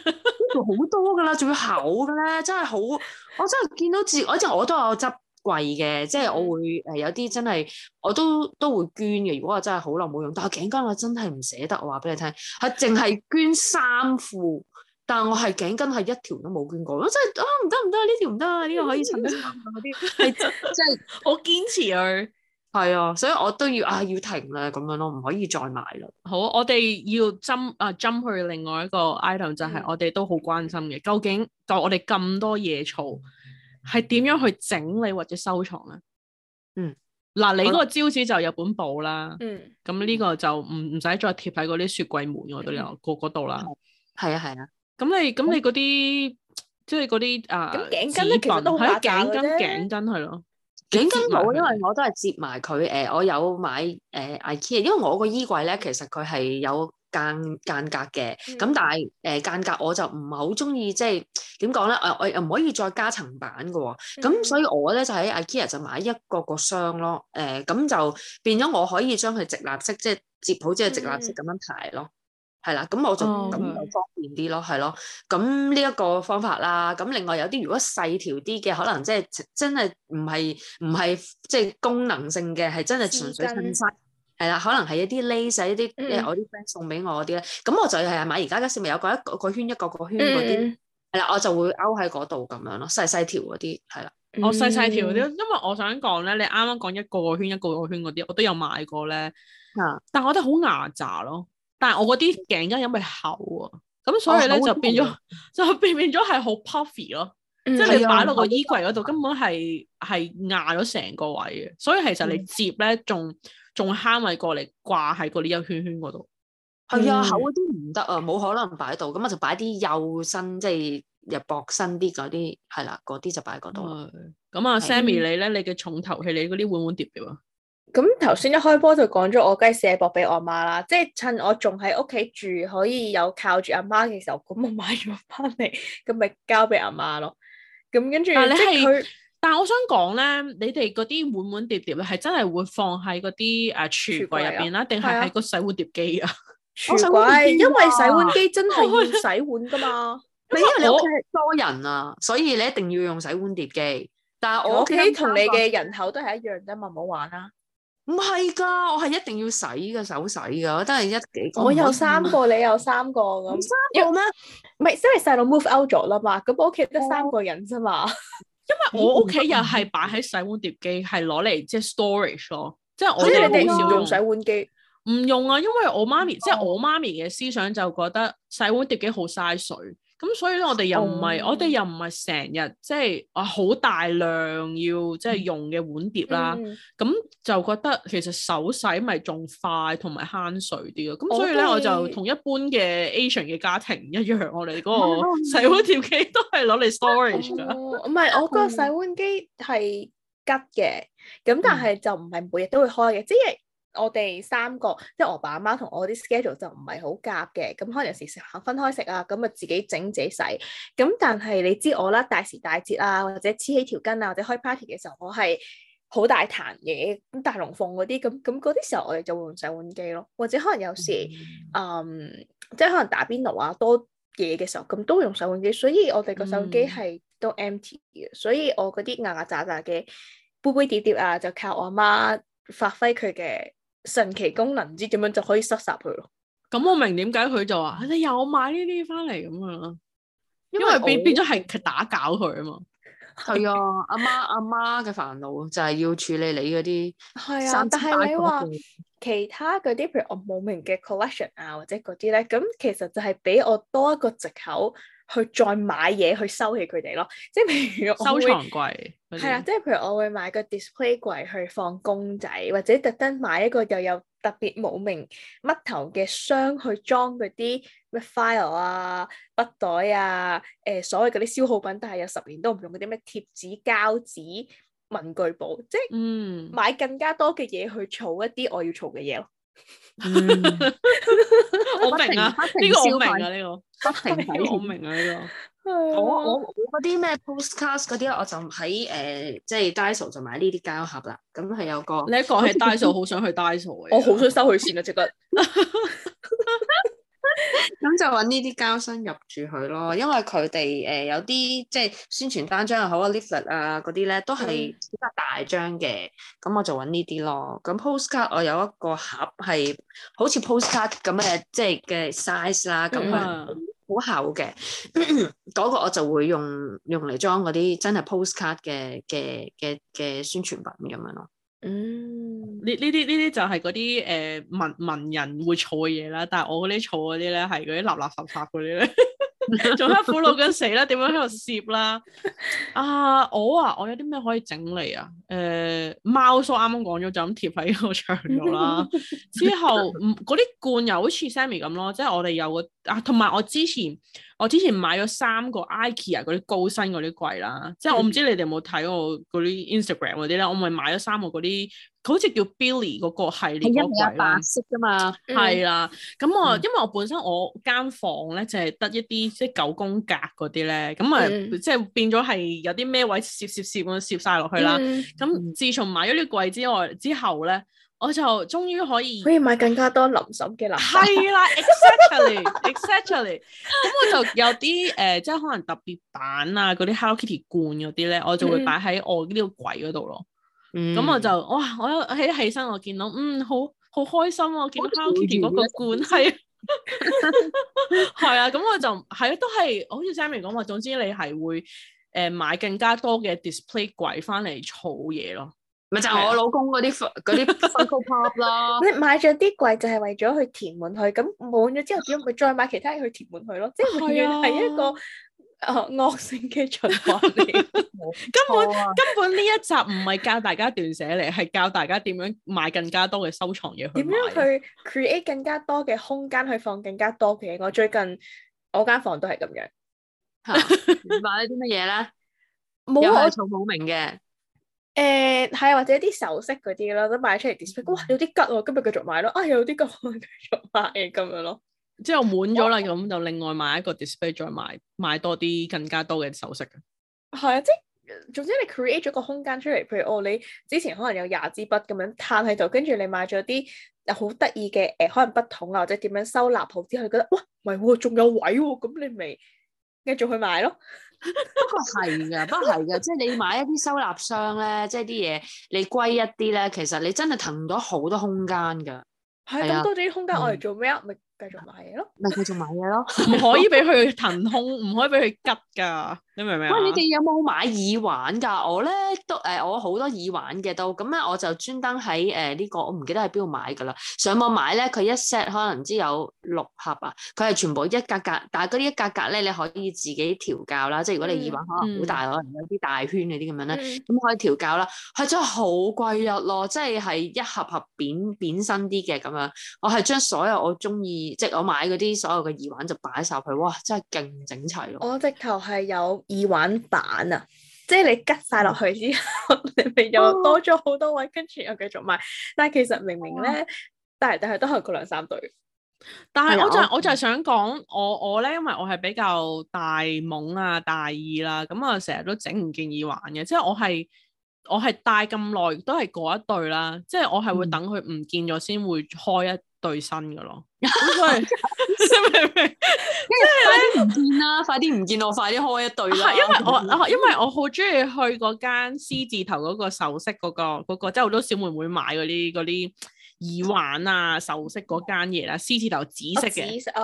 度好多噶啦，仲要厚嘅咧，真係好。我真係見到字，我即我,真我都有執櫃嘅，即係我會誒有啲真係我都都會捐嘅。如果我真係好耐冇用，但係頸巾我真係唔捨得我。我話俾你聽，係淨係捐衫褲，但係我係頸巾係一條都冇捐過。我真係啊唔得唔得，呢條唔得啊，呢、呢個可以襯衫啊嗰啲，係即係我堅持佢。係啊，所以我都要啊要停啦咁樣咯，唔可以再買啦。好，我哋要斟啊斟去另外一個 item 就係我哋都好關心嘅，究竟就我哋咁多嘢嘈，係點樣去整理或者收藏咧？嗯，嗱，你嗰個招紙就日本布啦。嗯，咁呢個就唔唔使再貼喺嗰啲雪櫃門嗰度嗰嗰度啦。係啊係啊，咁你咁你嗰啲即係嗰啲啊，頸巾咧其實都好百搭嘅。頸巾頸巾係咯。點解冇？因為我都係接埋佢誒，我有買誒、呃、IKEA，因為我個衣櫃咧，其實佢係有間間隔嘅。咁、嗯、但係誒、呃、間隔我就唔係好中意，即係點講咧？誒我又唔可以再加層板㗎喎、哦。咁、嗯、所以我咧就喺 IKEA 就買一個個箱咯。誒、呃、咁就變咗我可以將佢直立式，即係接好之後直立式咁樣排咯。嗯係啦，咁我就咁就方便啲咯，係咯、哦。咁呢一個方法啦，咁另外有啲如果細條啲嘅，可能、即係、是是即係真係唔係唔係即係功能性嘅，係真係純粹襯身。係啦、嗯，可能係一啲 laser 一啲即係我啲 friend 送俾我啲咧。咁我就係買而家嗰時咪有個一個圈一個一個圈嗰啲，係啦、嗯，我就會勾喺嗰度咁樣咯，細細條嗰啲，係啦。我、哦、細細條啲，因為我想講咧，你啱啱講一個個圈一個個個圈嗰啲，我都有買過咧。嚇！但我覺得好牙渣咯。但係我嗰啲頸巾有咪厚啊，咁所以咧、哦、就變咗就變變咗係好 puffy 咯，嗯、即係你擺落個衣櫃嗰度根本係係壓咗成個位嘅，所以其實你摺咧仲仲慳位過嚟掛喺嗰啲一圈圈嗰度。係啊、嗯，厚嗰啲唔得啊，冇可能擺喺度，咁我就擺啲幼身，即係又薄身啲嗰啲，係啦，嗰啲就擺喺嗰度。咁啊，Sammy 你咧，你嘅重頭戲你嗰啲碗碗碟碟啊？咁頭先一開波就講咗，我梗係卸膊俾我阿媽啦，即係趁我仲喺屋企住，可以有靠住阿媽嘅時候，咁我買咗翻嚟，咁咪交俾阿媽咯。咁跟住，但係你他但係我想講咧，你哋嗰啲碗碗碟碟咧，係真係會放喺嗰啲誒櫥櫃入邊啦，定係喺個洗碗碟機啊？櫥櫃，因為洗碗機真係要洗碗噶嘛，你 因為你屋企多人啊，所以你一定要用洗碗碟機。但係我屋企同你嘅人口都係一樣啫嘛，唔好玩啦。唔係㗎，我係一定要洗㗎，手洗㗎，我真係一幾個。我有三個，是你有三個咁。三個咩？唔係嗎，因為細佬 move out 咗啦嘛。咁我屋企得三個人啫嘛、哦。因為我屋企又係擺喺洗碗碟機，係攞嚟即係 storage 咯，即係、嗯、我、嗯。所以你哋少用洗碗機。唔用啊，因為我媽咪，嗯、即係我媽咪嘅思想就覺得洗碗碟機好嘥水。咁所以咧，我哋又唔係，嗯、我哋又唔係成日即係啊好大量要即係用嘅碗碟啦。咁、嗯、就覺得其實手洗咪仲快同埋慳水啲咯。咁所以咧，我，我就同一般嘅 Asian 嘅家庭一樣，我哋嗰個洗碗碟機都係攞嚟 storage 㗎。唔係，我個洗碗機係、嗯嗯、吉嘅，咁、嗯、但係就唔係每日都會開嘅，即、就、係、係。我哋三個，即係我爸阿媽同我啲 schedule 就唔係好夾嘅，咁可能有時食下分開食啊，咁啊自己整自己洗。咁但係你知我啦，大時大節啊，或者黐起條筋啊，或者開 party 嘅時候，我係好大壇嘢，咁大龍鳳嗰啲，咁咁嗰啲時候我哋就會用洗碗機咯，或者可能有時，mm hmm. 嗯，即係可能打邊爐啊多嘢嘅時候，咁都會用洗碗機，所以我哋個手機係都 empty 嘅，mm hmm. 所以我嗰啲牙牙咋咋嘅杯杯碟碟啊，就靠我阿媽，媽發揮佢嘅神奇功能，唔知點樣就可以塞入佢咯。咁我明點解，佢就話你有買呢啲翻嚟咁啊？因為變，變咗係打攪佢啊嘛。係啊，阿媽，阿媽嘅煩惱就係要處理你嗰啲。係 啊，但係你話 其他嗰啲譬如我冇名嘅 collection 啊，或者嗰啲咧，咁其實就係俾我多一個借口。去再買嘢去收起佢哋咯，即係譬如我收藏櫃係啦，即係的譬如我會買個 display 櫃去放公仔，或者特登買一個又有特別冇名乜頭嘅箱去裝嗰啲咩 file 啊筆袋啊，誒、呃、所謂嗰啲消耗品，但係有十年都唔用嗰啲咩貼紙、膠紙、文具簿，即係買更加多嘅嘢去儲一啲我要儲嘅嘢咯。我明啊，呢個好明啊，呢 個我明啊，呢個好啊。我嗰啲咩 postcard 嗰啲我就喺誒、呃、即係 Daiso 就買呢啲膠盒啦。咁係有個你一講起 Daiso，好 想去 Daiso 嘅，我好想收佢錢啊，值得。咁 就揾呢啲膠身入住佢咯，因為佢哋誒有啲即係宣傳單張又好啊 leaflet 啊嗰啲咧，都係比較大張嘅，咁、嗯、我就揾呢啲咯。咁 postcard 我有一個盒係好似 postcard 咁嘅，即係嘅 size 啦，咁、嗯、啊好厚嘅嗰、 嗰個，我就會用用嚟裝嗰啲真係 postcard 嘅嘅嘅嘅宣傳品咁樣咯。嗯，呢呢啲呢啲就係嗰啲誒文文人會錯嘅嘢啦，但係我嗰啲錯嗰啲咧係嗰啲垃垃雜雜嗰啲咧。 仲喺苦惱緊死啦，點樣喺度攝啦？啊、uh，我啊，我有啲咩可以整理啊？誒、uh，貓叔啱啱講咗就咁貼喺個牆度啦。 之後嗰啲罐又好似 Sammy 咁咯，即係我哋有個啊，同埋我之前我之前買咗三個 IKEA 嗰啲高身嗰啲櫃啦。即係我唔知你哋有冇睇我嗰啲 Instagram 嗰啲咧， 我咪買咗三個嗰啲。好似叫 Billy 嗰個系列嗰個櫃，一一白色嘛？係啦、嗯。咁我、嗯、因為我本身我間房咧、嗯、就係得一啲即係九宮格嗰啲咧，咁啊即係變咗係有啲咩位攝攝攝咁攝晒落去啦。咁、嗯、自從買咗呢個櫃之外之後咧，我就終於可以可以買更加多臨手嘅啦。係啦，exactly，exactly。咁 我就有啲誒、呃，即係可能特別版啊，嗰啲 Hello Kitty 罐嗰啲咧，我就會擺喺我呢個櫃嗰度咯。嗯。咁、嗯、我就哇！我起起身我見到，嗯，好好開心啊！見到 Kitty 嗰個罐，係，係啊！咁我就係都係，好似 Sammy 講話，總之你係會誒、呃、買更加多嘅 display 櫃翻嚟儲嘢咯。咪就我老公嗰啲嗰啲 bubble pop 啦。 你買咗啲櫃就係為咗去填滿佢，咁滿咗之後點？咪再買其他嘢去填滿佢咯。即係係一個。啊！惡性嘅循環嚟，根本根本呢一集唔係教大家斷捨離，係教大家點樣買更加多嘅收藏嘢去。點樣去 create 更加多嘅空間去放更加多嘅嘢？我最近我間房都係咁樣。嚇！買咗啲乜嘢咧？冇啊！儲冇名嘅。誒，係啊，或者啲首飾嗰啲咯，都買出嚟 display，哇，有啲吉喎，今日繼續買咯。啊，有啲吉，繼續買嘅咁樣咯。之後滿咗啦，咁哇就另外買一個 display，再買，買多啲更加多嘅首飾嘅。係啊，即係總之你 create 咗個空間出嚟，譬如哦，你之前可能有廿支筆咁樣攤喺度，跟住你買咗啲好得意嘅，誒，可能筆筒啊或者點樣收納好之後，你覺得哇係仲有位喎，啊，咁你咪繼續去買咯。 不過係噶，不過係噶，即係 你買一啲收納箱咧，即係啲嘢你歸一啲咧，其實你真係騰咗好多空間噶。係啊，咁多啲空間，我嚟做咩啊？咪繼續買嘢咯，咪繼續買嘢咯，唔可以俾佢騰空，唔可以俾佢拮㗎，你明唔明啊？喂，你哋有冇買耳環㗎？我咧都誒、呃，我好多耳環嘅都，咁咧我就專登喺誒呢個，我唔記得喺邊度買㗎啦。上網買咧，佢一 set 可能唔知有六盒啊，佢係全部一格格，但係嗰啲一格格咧，你可以自己調教啦。即係如果你耳環可能好大，可能、嗯、有啲大圈嗰啲咁樣咧，咁、嗯、可以調教啦。係真係好貴嘞咯，即係係一盒盒扁扁身啲嘅咁樣，我係將所有我中意。即我買嗰啲所有嘅耳環就擺晒落去，哇！真係勁整齊咯。我直頭係有耳環板啊，即係你拮晒落去之後，嗯、 你咪又多咗好多位，哦、跟住又繼續買。但係其實明明咧，戴嚟戴去都係嗰兩三對。但係我就有我就係想講，我我咧，因為我係比較大懵啊大意啦、啊，咁啊成日都整唔見耳環嘅，即係我係我係戴咁耐都係嗰一對啦，嗯、即係我係會等佢唔見咗先會開一。對新噶咯，因為快啲唔見啦， 快啲唔見我，快啲開一對啦，因為我， 因為我好中意去嗰間 C 字頭嗰個首飾嗰個嗰個，即係好多小妹妹買啲嗰啲。耳環啊，首飾嗰間嘢啦，獅子頭紫色嘅。紫色啊，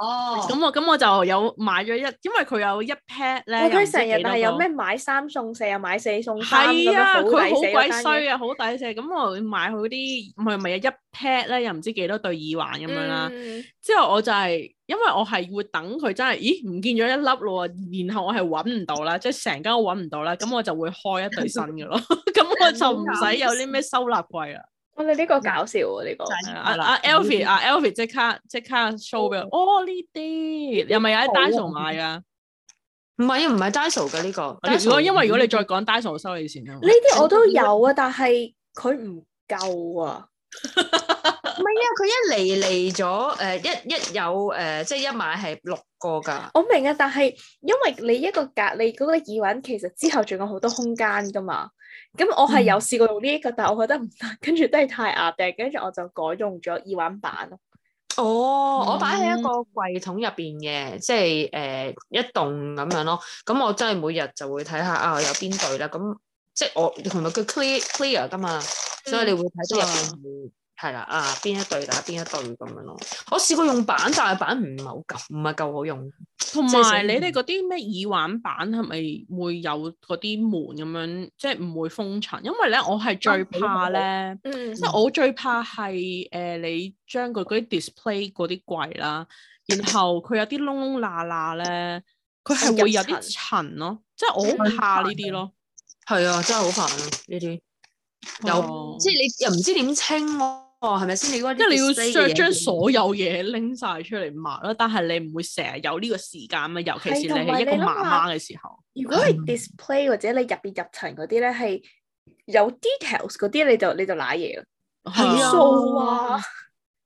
哦。咁、哦、我咁我就有買咗一，因為佢有一 pair 咧，佢成日係有咩買三送四啊，買四送三。係啊，佢好鬼衰啊，好抵死。咁我買佢啲，唔咪有一 pad 咧，又唔知幾多對耳環咁樣啦。嗯、之後我就係、是、因為我係會等佢真係，咦唔見咗一粒咯喎，然後我係揾唔到啦，即係成間我揾唔到啦，咁我就會開一對新嘅咯。咁 我就唔使有啲咩收納櫃啦。我哋呢個搞笑啊！呢個阿阿 Elfi 阿 Elfi 即刻即刻 show 俾我，哦呢啲又咪有啲 Daiso 買噶？唔係啊，唔係 Daiso 噶呢個。如果因為如果你再講 Daiso 我收你錢啦。呢啲我都有啊，但係佢唔夠啊。唔係啊，佢一嚟嚟咗誒，一一有誒，即係一買係六個噶。我明啊，但係因為你一個隔你嗰個耳環，其實之後仲有好多空間噶嘛。咁我係有試過用呢、這、一個，嗯、但我覺得唔得，跟住都係太硬定，跟住我就改用咗耳環板咯。哦，嗯、我擺喺一個櫃桶入邊嘅，即係誒一棟咁樣咯。咁我真係每日就會睇下啊，有邊對咧。咁即係我同埋佢 clear clear 噶嘛，嗯、所以你會睇到入邊。嗯係啦，啊邊一對打邊一對咁樣咯。我試過用板，但係板唔係好夠，唔係夠好用。同埋你哋嗰啲咩耳環板係咪會有嗰啲門咁樣，即係唔會封塵？因為咧，我係最怕咧，即係、嗯嗯、我最怕係誒、呃、你將佢嗰啲 display 嗰啲櫃啦，然後佢有啲窿窿罅罅咧，佢係會有啲塵，啊、塵咯。即係我好怕呢啲咯。係啊，真係好煩啊呢啲。又有、哦、即係你又唔知點清咯、啊。哦，係咪先？你即係你要將所有嘢拎晒出嚟抹咯，但係你唔會成日有呢個時間嘛？尤其是你係一個媽媽嘅時候。如果係 display 或者你入邊入層嗰啲咧，係有 details 嗰啲，你就你就拿嘢咯，係數啊。係啊、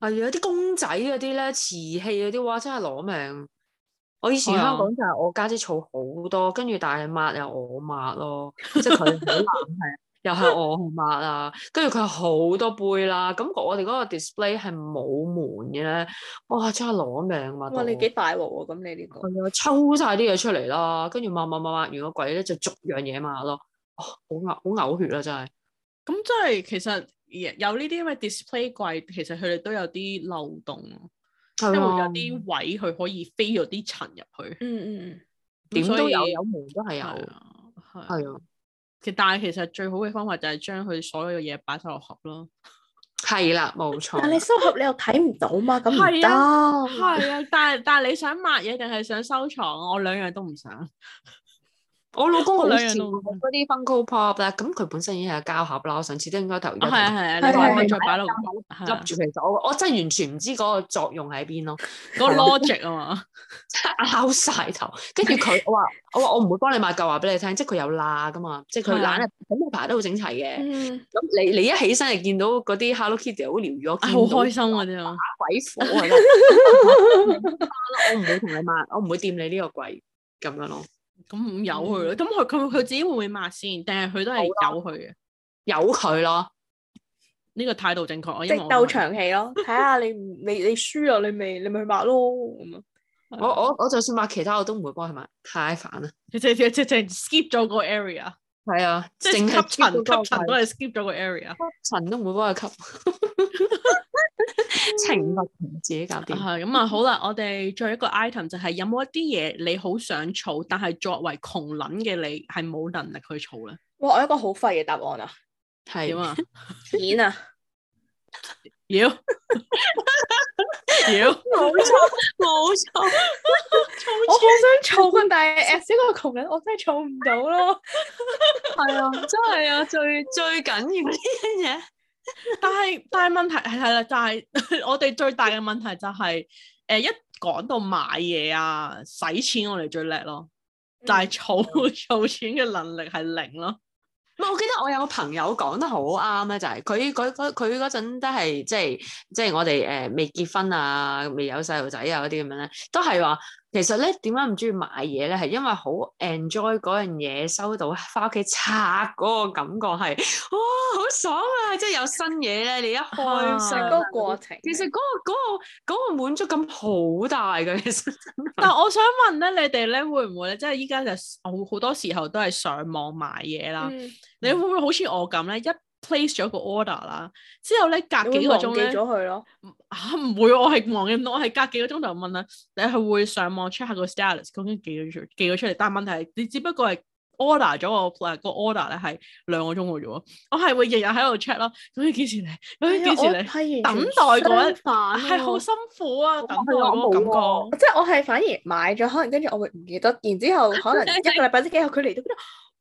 哦，啲、 哎、公仔嗰啲咧，瓷器嗰啲，哇，真係攞命！我以前、哎、呀香港就係我家姐儲好多，跟住但係抹又我抹咯，即係佢好難係。又係我抹啊，跟住佢好多杯啦。咁我我哋嗰個 display 係冇門嘅咧，哇！真係攞命啊嘛！哇，你幾大鑊啊？咁你呢個抽晒啲嘢出嚟啦，跟住抹抹抹抹完個櫃咧就逐樣嘢抹咯。哇，好嘔，好嘔血啊！真係。咁即係其實有呢啲咁嘅 display 櫃，其實佢哋都有啲漏洞咯，即係會有啲位佢可以飛咗啲塵入去。嗯嗯嗯。點都有有門都係有，係啊。但係其實最好嘅方法就係將佢所有嘅嘢擺晒落盒咯。係啦，冇錯。但你收盒你又睇唔到嘛，咁唔得。係啊， 但係但係你想抹嘢定係想收藏？我兩樣都唔想。我老公嗰兩樣咯，嗰啲 funko pop 咧，咁佢本身已經係膠盒啦。我上次都應該投。係啊係啊，你話我再擺落，執住其實我我真係完全唔知嗰個作用喺邊咯，嗰個 logic 啊嘛，拗晒頭。跟住佢，我話我話我唔會幫你買舊話俾你聽，即係佢有罅噶嘛，即係佢懶咁佢排得好整齊嘅。咁你你一起身就見到嗰啲 Hello Kitty 好療愈我，好開心啊！啲鬼火，我唔會同你抹，我唔會掂你呢個櫃咁樣咯。咁唔由佢咯，咁佢佢佢自己會唔會抹先？定係佢都係由佢嘅，由佢咯。呢個態度正確我即係鬥長氣咯，睇下 你唔你你輸啊，你咪你咪去抹咯。咁啊我，吧我我我就算抹其他我都唔會幫佢抹，太煩啦。即係即即係 skip 咗個 area。係啊，即係吸塵吸塵都係 skip 咗個 area，吸塵都唔會幫佢吸。 情同自己搞掂係咁啊，好啦，我哋再一個 item 就係有冇一啲嘢你好想儲，但係作為窮捻嘅你係冇能力去儲咧？哇，我一個好廢嘅答案啊，係啊嘛，錢啊，妖，妖，冇錯冇錯，我好想儲啊，但係誒，一個窮捻，我真係儲唔到咯。係啊，真係啊，最最緊要呢啲嘢。但係但係問題係啦，就係 我哋最大嘅問題就係、是、誒 一講到買嘢啊，使錢我哋最叻咯，但係儲儲錢嘅能力係零咯。唔係、嗯、我記得我有個朋友講得好啱咧，就係佢佢嗰陣都係即係即係我哋誒、呃、未結婚啊，未有細路仔啊嗰啲咁樣咧，都係話。其實咧，點解唔中意買嘢咧？係因為好 enjoy 嗰樣嘢，收到，翻屋企拆嗰個感覺係，哇、哦，好爽啊！即係有新嘢咧，你一開，其實嗰、嗯、個過程，其實嗰、嗰個嗰、嗰個、嗰個滿足感好大㗎。其實，但係我想問咧，你哋咧會唔會咧，即係依家就好好多時候都係上網買嘢啦？嗯、你會唔會好似我咁咧？一 place 咗個 order 啦，之後咧隔幾個鐘咧。唔、啊、會，我係忙嘅唔我係隔幾個鐘頭問下，你係會上網 check 下個 status，究竟寄咗出，寄咗出嚟。但係問題係，你只不過係 order 咗我。Order 兩個 order 咧係兩個鐘嘅啫喎。我係會日日喺度 check 咯，咁你幾時嚟？咁你幾時嚟？哎啊、等待嗰一，係好辛苦啊！嗯、等待嗰個感覺，即係我係反而買咗，可能跟住我會唔記得，然之後可能一個禮拜先幾日佢嚟到、哎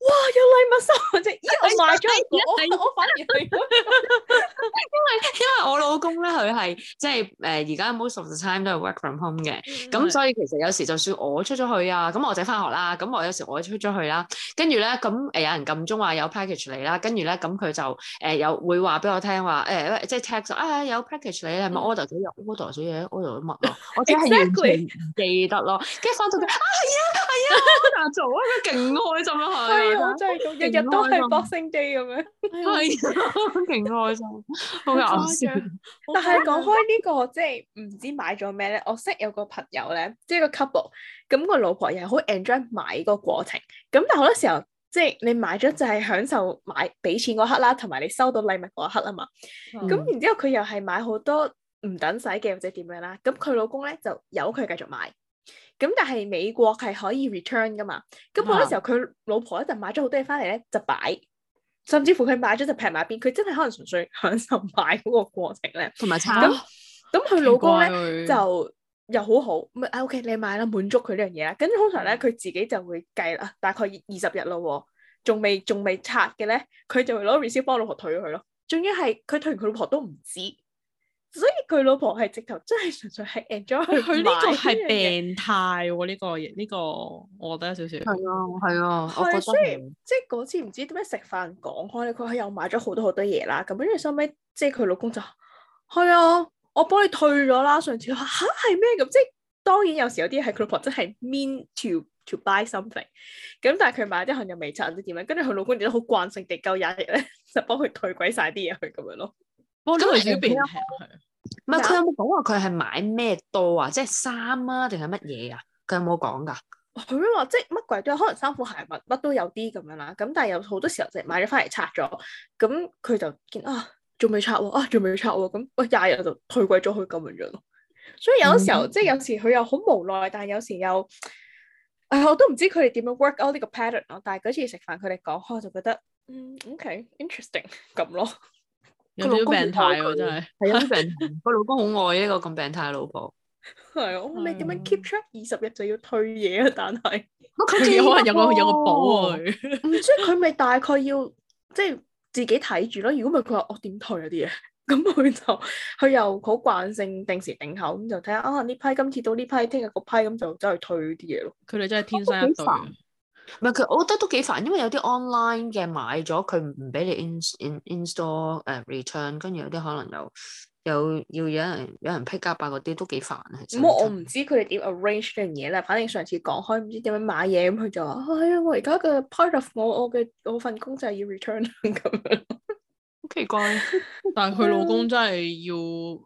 哇！有禮物收啫，我買咗一個，我我反而去因為因為我老公咧佢係即係誒而家 most of the time 都係 work from home 嘅，咁、嗯、所以其實有時就算我出咗去啊，咁我就翻學啦，咁我有時我出咗去啦，跟住咧咁誒有人撳鐘話有 package 嚟啦，跟住咧咁佢就誒有會話俾我聽話誒，即係 text 啊有 package 嚟，係咪 order 咗嘢？order 咗嘢？order 咗乜啊？我只係完全唔記得咯，跟住翻到佢。啊係啊！human ergon 好 吧 啊！做啊，佢勁開心啊，係，係啊，真係日日都係 boxing day 咁樣，係勁開心，好搞笑。但係講開呢個，即係唔知買咗咩咧。我識有個朋友咧，即係個 couple，咁個老婆又好 enjoy 買個過程，咁但係好多時候，即係你買咗就係享受買俾錢嗰刻啦，同埋你收到禮物嗰刻啊嘛。咁然之後佢又係買好多唔等使嘅，或者點樣啦。咁佢老公咧就由佢繼續買。咁但係美國係可以 return 噶嘛？咁好多時候佢、啊、老婆一陣買咗好多嘢翻嚟咧，就擺，甚至乎佢買咗就撇埋邊，佢真係可能純粹享受買嗰個過程咧。同埋拆咁，咁佢老公咧就又好好，咪、啊、OK，你買啦，滿足佢呢樣嘢啦。跟住通常咧，佢自己就會計啦，大概二十日咯，仲未仲未拆嘅咧，佢就會攞 refund 幫老婆退咗佢咯。仲要係佢退完，佢老婆都唔知。所以佢老婆係直頭真係純粹係 enjoy 佢呢個係病態喎呢個呢、呢個我覺得有少少係啊係啊，啊我雖然即係即係嗰次唔知點解食飯講開咧，佢又買咗好多好多嘢啦。咁跟住收尾即係佢老公就係啊，我幫你退咗啦上次吓係咩咁？即係當然有時有啲嘢係佢老婆真係 mean to to buy something 咁，但係佢買咗之後又未拆唔知點樣。跟住佢老公亦都好慣性地夠一日咧 就幫佢退鬼晒啲嘢去咁樣咯。咁佢喺邊啊？唔係佢有冇講話佢係買咩多啊？即係衫啊，定係乜嘢啊？佢有冇講噶？係啊，即係乜鬼都有，可能衫褲鞋襪乜都有啲咁樣啦。咁但係有好多時候就買咗翻嚟拆咗，咁佢就見啊，仲未拆喎，啊仲未拆喎，咁廿日就退鬼咗佢咁樣樣咯。所以有啲時候、嗯、即係有時佢又好無奈，但係有時又啊、哎，我都唔知佢哋點樣 work out 呢個 pattern 咯。但係嗰次食飯佢哋講開，我就覺得嗯，OK，interesting、okay，咁咯。有啲病態喎，真係係有啲病態。個老公好愛呢個咁病態嘅老婆。係我未點樣 keep track，二十日就要退嘢啊？但係佢可能有個有個保佢、啊。唔知佢咪大概要即係自己睇住咯。如果唔係佢話我點退啊啲嘢？咁佢就佢又好慣性定時定候咁就睇下啊，呢批今次到呢批聽日嗰批，咁就走去退啲嘢咯。佢哋真係天生一對唔係佢，我覺得都幾煩，因為有啲 online 嘅買咗佢唔俾你 in in install 誒、uh, return，跟住有啲可能又又要有人有人 pick up，嗰啲都幾煩啊！我我唔知佢哋點 arrange 呢樣嘢啦，反正上次講開唔知點樣買嘢咁，佢就話：係、哎、啊，我而家嘅 part of 我我嘅我份工就係要 return 咁樣，好 奇怪。但係佢老公真係要誒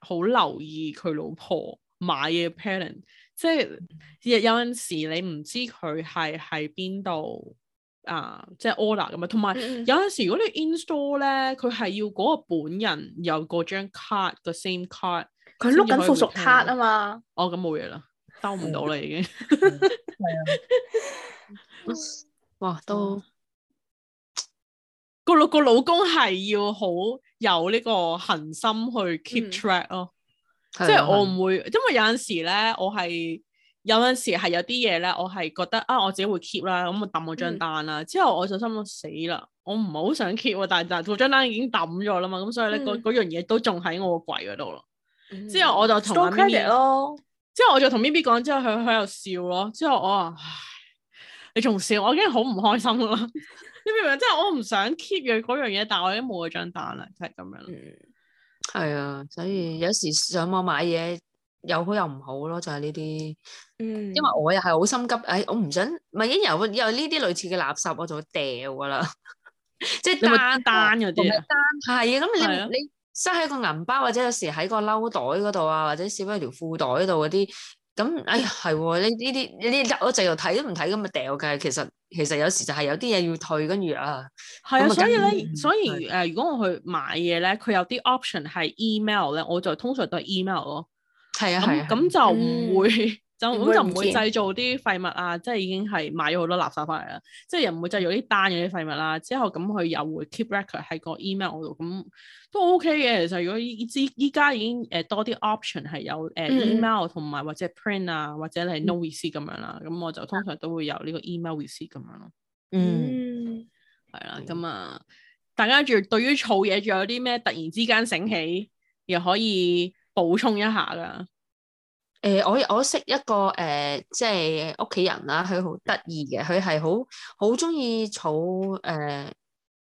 好、uh, 呃、留意佢老婆買嘢 pattern。即係有有陣時你唔知佢係喺邊度啊，即係 order 咁樣。同埋有陣時如果你 install 咧，佢係、嗯嗯、要嗰個本人有嗰張 card 個 same card。佢碌緊附屬卡啊嘛。哦，咁冇嘢啦，收唔、哦、到啦已經。係啊、嗯。 哇，都個老個老公係要好有呢個恆心去 keep track 咯、啊。嗯即係我唔會，因為有陣時咧，我係有陣時係有啲嘢咧，我係覺得啊，我自己會 keep 啦、嗯，咁我抌我張單啦。之後我就心諗死啦，我唔係好想 keep，但係就張單已經抌咗啦嘛。咁所以咧，嗰嗰、嗯、樣嘢都仲喺我個櫃嗰度咯。嗯嗯、之後我就同阿 B 咯，之後我就同 B B 講，之後佢喺度笑咯。之後我話：你仲笑？我已經好唔開心啦。 你明唔明？即、就、係、是、我唔想 keep 嘅嗰樣嘢，但係我已經冇咗張單啦，就係、是、咁樣。嗯係啊，所以有時上網買嘢有好又唔好咯，就係呢啲。嗯，因為我又係好心急，哎，我唔想咪已經有有呢啲類似嘅垃圾，我就會掉噶啦，即係單單嗰啲啊，係啊，咁你你塞喺個銀包或者有時喺個褸袋嗰度啊，或者少喺條褲袋度嗰啲。咁、嗯、哎呀，係喎，呢啲呢啲我就又睇都唔睇，咁咪掉嘅。其實其實有時就係有啲嘢要退，跟住啊係啊。所以咧，嗯、所以誒、呃，如果我去買嘢咧，佢有啲 option 係 email 咧，我就通常都係 email 咯。係啊，係啊，咁就唔會、嗯。就咁就唔會製造啲廢物啊，即係已經係買咗好多垃圾翻嚟啦，即係又唔會製造啲單嘅啲廢物啦、啊。之後咁佢又會 keep record 喺個 email 度，咁都 OK 嘅。其實如果依依依家已經誒多啲 option 係有誒 email 同埋、嗯、或者 print 啊，或者係 no receipt 咁樣啦。咁我就通常都會有呢個 email receipt 咁樣咯、嗯。嗯，係啦、嗯，咁啊，大家仲對於儲嘢仲有啲咩突然之間醒起又可以補充一下噶？誒、呃、我我識一個誒、呃，即係屋企人啦，佢好得意嘅，佢係好好中意儲誒，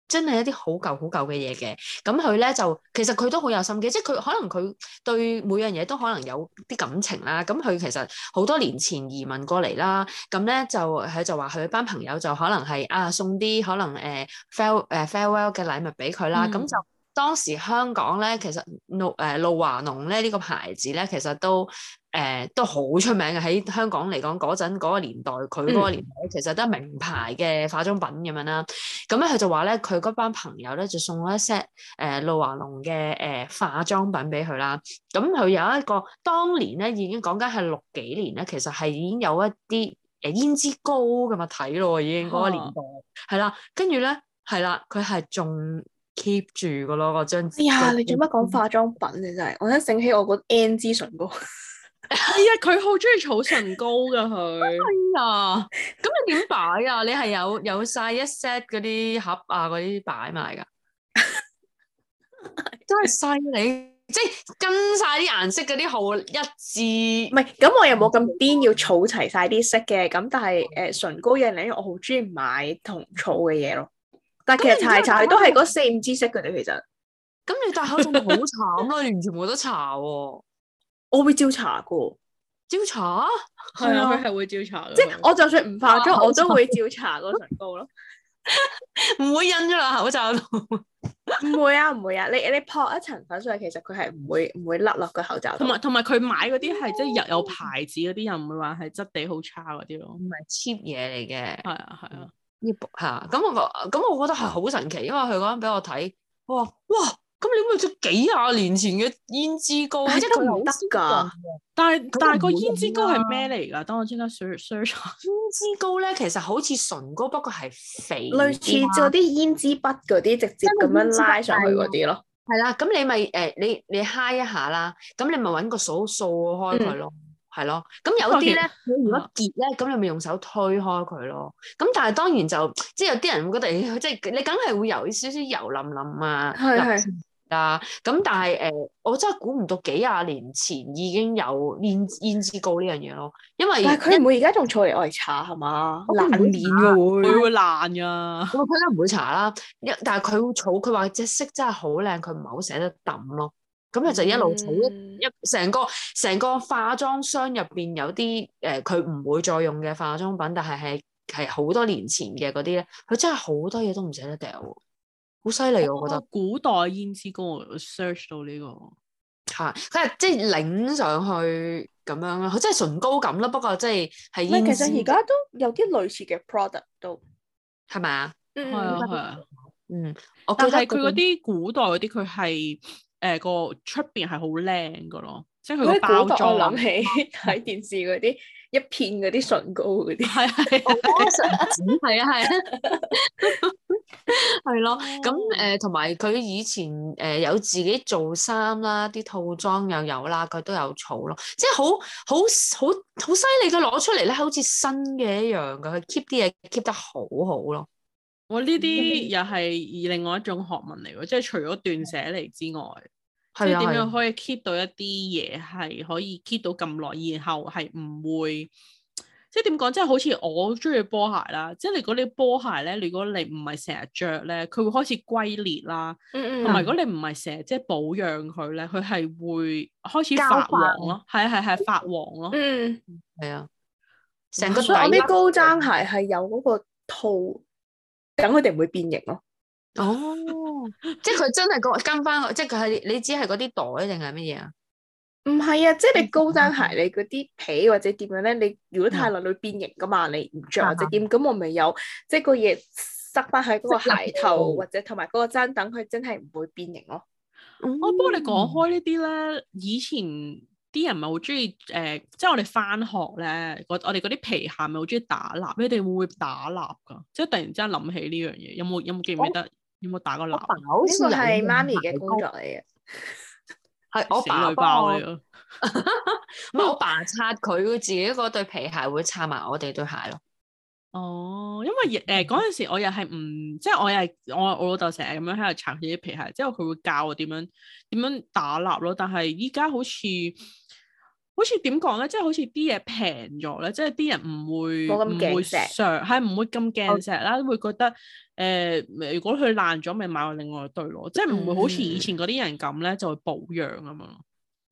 真係一啲好舊好舊嘅嘢嘅。咁佢咧就其實佢都好有心機，即係佢可能佢對每樣嘢都可能有啲感情啦。咁佢其實好多年前移民過嚟啦。咁咧就佢就話佢班朋友就可能係啊送啲可能誒 fare 誒 farewell 嘅、呃、禮物俾佢啦。咁、嗯嗯、就當時香港咧，其實露露、呃、華濃咧呢、呢個牌子咧，其實都。誒、呃，都好出名嘅喺香港嚟講，嗰陣嗰個年代，佢嗰個年代、嗯、其實得名牌嘅化妝品咁樣啦。咁咧佢就話咧，佢嗰班朋友咧就送咗一 set 誒露華濃嘅誒化妝品俾佢啦。咁佢有一個當年咧已經講緊係六幾年咧，其實係已經有一啲誒胭脂膏咁咪睇咯，已經嗰個年代係啦。跟住咧係啦，佢係仲 keep 住噶咯，嗰張。哎呀，你做乜講化妝品，你真係，我一醒起我個 N 支唇膏。 係啊，佢好中意儲唇膏噶佢。哎呀，咁、 哎、你點擺啊？你係有有晒一 set 嗰啲盒啊，嗰啲擺埋噶都係晒你，即係跟晒啲顏色嗰啲號一致。唔係、哎，咁我又冇咁癲，要儲齊晒啲色嘅。咁但係，誒、呃，唇膏嘅嘢，因為我好中意買同儲嘅嘢咯。但係其實搽嚟搽去都係嗰四五支色嘅。你其實，咁 你戴口罩咪好慘咯，完全冇得搽。我會照搽噶，照搽？係啊，佢係會照搽。即係我就算唔化妝，我都會照搽個唇膏咯，唔會印咗落口罩度。唔會啊，唔會啊，你你撲一層粉在，其實佢係唔會唔會甩落個口罩。同埋同埋佢買嗰啲係即係有有牌子嗰啲，又唔會話係質地好差嗰啲咯，唔係 cheap 嘢嚟嘅。係啊係啊 cheap 吓。咁我咁我覺得係好神奇，因為佢嗰陣俾我睇，我話哇。咁你咪即幾廿年前嘅胭脂膏，係一個唔得㗎。但係但係個胭脂膏係咩嚟㗎？等我先啦 search 胭脂膏咧，其實好似唇膏，不過係肥，類似嗰啲胭脂筆嗰啲，直接咁樣拉上去嗰啲、呃、咯。係啦、嗯、咁、嗯、你咪誒你你揩一下啦。咁你咪揾個掃掃開佢咯，係咯。咁有啲咧，佢如果結咧，咁你咪用手推開佢咯。咁但係當然就即有啲人會覺得，即你梗係會有少少油淋淋啊。係係的。啦，咁、嗯、但係誒、呃，我真係估唔到幾廿年前已經有胭胭脂膏呢樣嘢咯，因為佢唔會而家仲儲嚟愛茶係嘛，爛嘅、啊、會，會，佢、啊、會爛噶、啊，佢都唔會搽啦，一但係佢會儲，佢話隻色真係好靚，佢唔係好捨得抌咯，咁佢就一路儲一成個成個化妝箱入邊有啲誒，佢、呃、唔會再用嘅化妝品，但係係係好多年前嘅嗰啲咧，佢真係好多嘢都唔捨得掉。好犀利，我覺得古代胭脂膏我 search 到呢個，係佢係即係擰上去咁樣咯，佢即係唇膏咁啦。不過即係係其實而家都有啲類似嘅 product 都係咪啊？嗯嗯嗯嗯。嗯，我覺得佢嗰啲古代嗰啲，佢係誒個出邊係好靚噶咯，即係佢個包裝。我諗起睇電視嗰啲一片嗰啲唇膏嗰啲，係係係啊係啊。係咯，咁誒， 同埋佢以前誒有、呃、自己做衫啦，啲套裝又有啦，佢都有儲咯，即係好好好好犀利，佢攞出嚟咧好似新嘅一樣噶，佢 keep 啲嘢 keep 得好好咯。我呢啲又係另外一種學問嚟，即係除咗斷捨離之外，即係點樣可以 keep 到一啲嘢係可以 keep 到咁耐，然後係唔會。即係點講，即係好似我中意波鞋啦。即係你啲波鞋咧，如果你唔係成日着咧，佢會開始龜裂啦。同埋、嗯嗯、如果你唔係成日即係保養佢咧，佢係會開始發黃咯。係啊係係發黃咯。是是是嗯。係啊。成個出我啲高踭鞋係有嗰個套，咁佢哋唔會變形咯、啊。哦。 即係佢真係、嗰個跟返、嗰個，即係佢係你知係嗰啲袋定係乜嘢啊？唔係啊，即係你高踭鞋，嗯、你嗰啲皮或者點樣咧？你如果太耐會變形噶嘛？你唔着或者點？咁、嗯嗯、我咪有即係、就是、個嘢塞翻喺嗰個鞋頭，或者同埋嗰個踭，等佢真係唔會變形咯。我幫、嗯哦、你講開呢啲咧，以前啲人咪好中意誒，即、呃、係、就是、我哋翻學咧，我哋嗰啲皮鞋咪好中意打蠟。你哋會唔會打蠟噶？即、就、係、是、突然之間諗起呢樣嘢，有冇有冇記唔記得？有冇打過蠟？呢個係媽咪嘅工作嚟嘅。係我爸，爸包唔係 我爸擦佢自己嗰對皮鞋，會擦埋我哋對鞋咯。哦，因為誒嗰陣時我又係唔即係我又係我我老豆成日咁樣喺度擦佢啲皮鞋，之後佢會教我點樣點樣打蠟咯。但係依家好似。好似點講咧，即係好似啲嘢平咗咧，即係啲人唔會唔會冇咁驚石，係唔會咁驚石啦，oh. 會覺得誒、呃，如果佢爛咗，咪買另外對咯，嗯、即係唔會好似以前嗰啲人咁咧，就會保養啊嘛。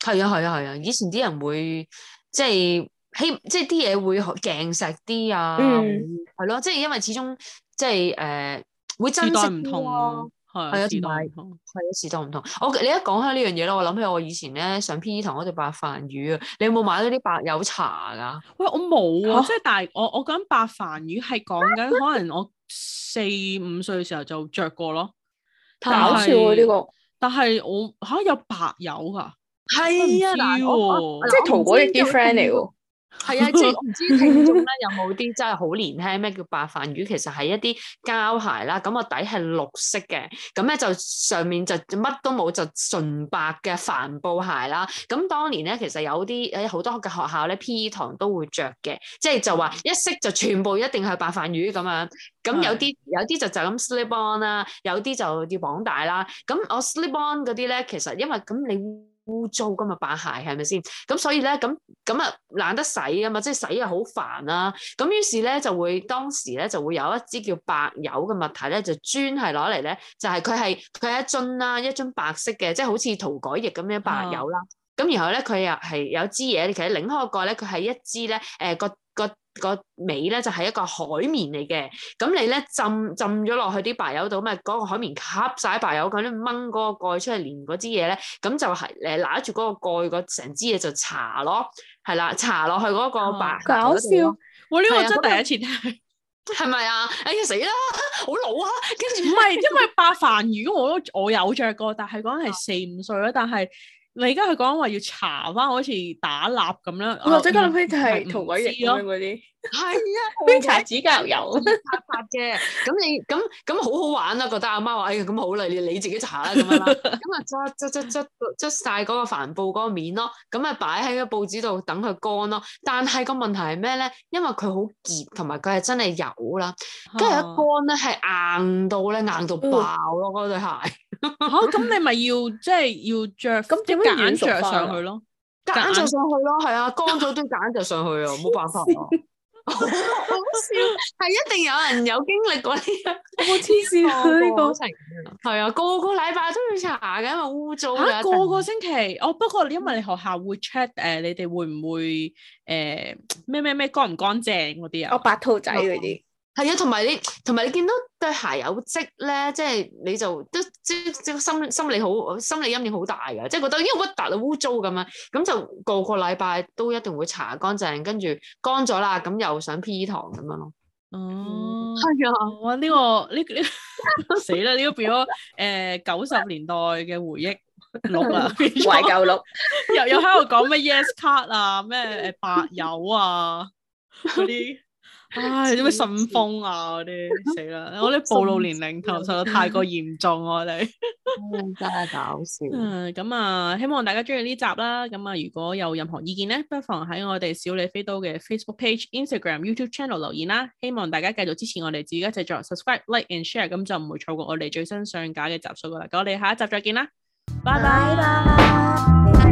係啊、嗯，係啊、嗯，係啊，以前啲人會即係希，即係啲嘢會驚石啲啊，係咯，即係、嗯、因為始終即係誒、呃、會珍惜啲咯。係呀，時代唔同。係呀，時代唔同。我你、嗯 okay，一講開呢樣嘢咧，我諗起我以前咧上 P.E. 堂嗰對白飯魚啊！你有冇買嗰啲白油茶㗎？喂，我冇啊！即係但係我大我講白飯魚係講緊可能我四 五歲嘅時候就着過咯。搞笑呢個！但係我嚇有白油㗎。係啊，即係糖果亦幾 f r i e n d l 係啊，即係唔知聽眾咧有冇啲真係好年輕咩叫白飯魚？其實係一啲膠鞋啦，咁個底係綠色嘅，咁咧就上面就乜都冇，就純白嘅帆布鞋啦。咁當年咧，其實有啲誒好多嘅學校咧，P.E. 堂都會着嘅，即係就話、是、一色就全部一定係白飯魚咁 樣。咁有啲有啲就就咁 slip on 啦，有啲就要綁帶啦。咁我 slip on 嗰啲咧，其實因為咁你。污糟噶嘛，白鞋係咪先？咁所以咧咁咁啊懶得洗啊嘛，即係洗又好煩啦。咁於是咧就會當時咧就會有一支叫白油嘅物體咧，就專係攞嚟咧，就係佢係佢係一樽啦，一樽白色嘅，即係好似塗改液咁樣白油啦。咁、oh。然後咧佢又係有支嘢，其實擰開一個蓋咧，佢係一支咧誒個。個尾咧就係一個海綿嚟嘅，咁你咧浸浸咗落去啲白油度，咪、那、嗰個海綿吸晒白油，咁樣掹嗰個蓋出嚟連嗰支嘢咧，咁就係誒拿住嗰個蓋個成支嘢就搽咯，係啦，搽落去嗰個白。搞笑，這個、我呢個真係第一次聽，係咪啊？、那個、啊？哎呀死啦，好老啊！跟住唔係因為白飯魚我都我有着過，但係嗰陣係四、啊、五歲啦，但係。你而家佢講話要搽翻，好似打蠟咁啦。或者嗰啲就係塗鬼液咁樣嗰啲。係啊，邊搽 指甲油擦嘅？咁 你咁咁好好玩啊！覺得阿媽話，哎呀，咁好啦，你你自己搽啦咁樣啦。咁啊， 捽捽捽捽捽曬嗰個帆布嗰個面咯。咁啊，擺喺個報紙度等佢乾咯。但係個問題係咩咧？因為佢好澀，同埋佢係真係油啦。跟住一乾咧，係硬到咧，硬到爆咯！嗰對鞋。吓，咁你咪要即係要着，咁點樣揀着上去咯？揀着上去咯，係啊，乾咗都揀着上去啊，冇辦法。好笑，係一定有人有經歷過呢個黐線過程。係啊，個個禮拜都要查噶，污糟啊！個個星期，哦，不過因為你學校會 check 誒，你哋會唔會誒咩咩咩乾唔乾淨嗰啲啊？我白兔仔嗰啲。係啊，同埋你，同埋你見到對鞋有跡咧，即、就、係、是、你就都即即個心心理好心理陰影好大㗎，即、就、係、是、覺得因為污達啊污糟咁樣，咁就個個禮拜都一定會搽乾淨，跟住乾咗啦，咁又上 P 堂咁樣咯。哦、嗯、係、哎、呀啊，哇、這個！呢、這個呢呢死啦，呢、 這個變咗誒九十年代嘅回憶錄啊， 了懷舊錄， 又又喺度講咩？Yes Card 啊，咩誒白油啊嗰啲。唉，啲咩信封啊，嗰啲死啦！我啲暴露年齡投訴得太過嚴重，我哋真係搞笑。咁、嗯、啊，希望大家中意呢集啦。咁啊，如果有任何意見咧，不妨喺我哋小李飛刀嘅 Facebook Page、Instagram、YouTube Channel 留言啦。希望大家繼續支持我哋自己嘅製作，subscribe、like and share，咁就唔會錯過我哋最新上架嘅集數噶啦。咁我哋下一集再見啦，拜拜拜。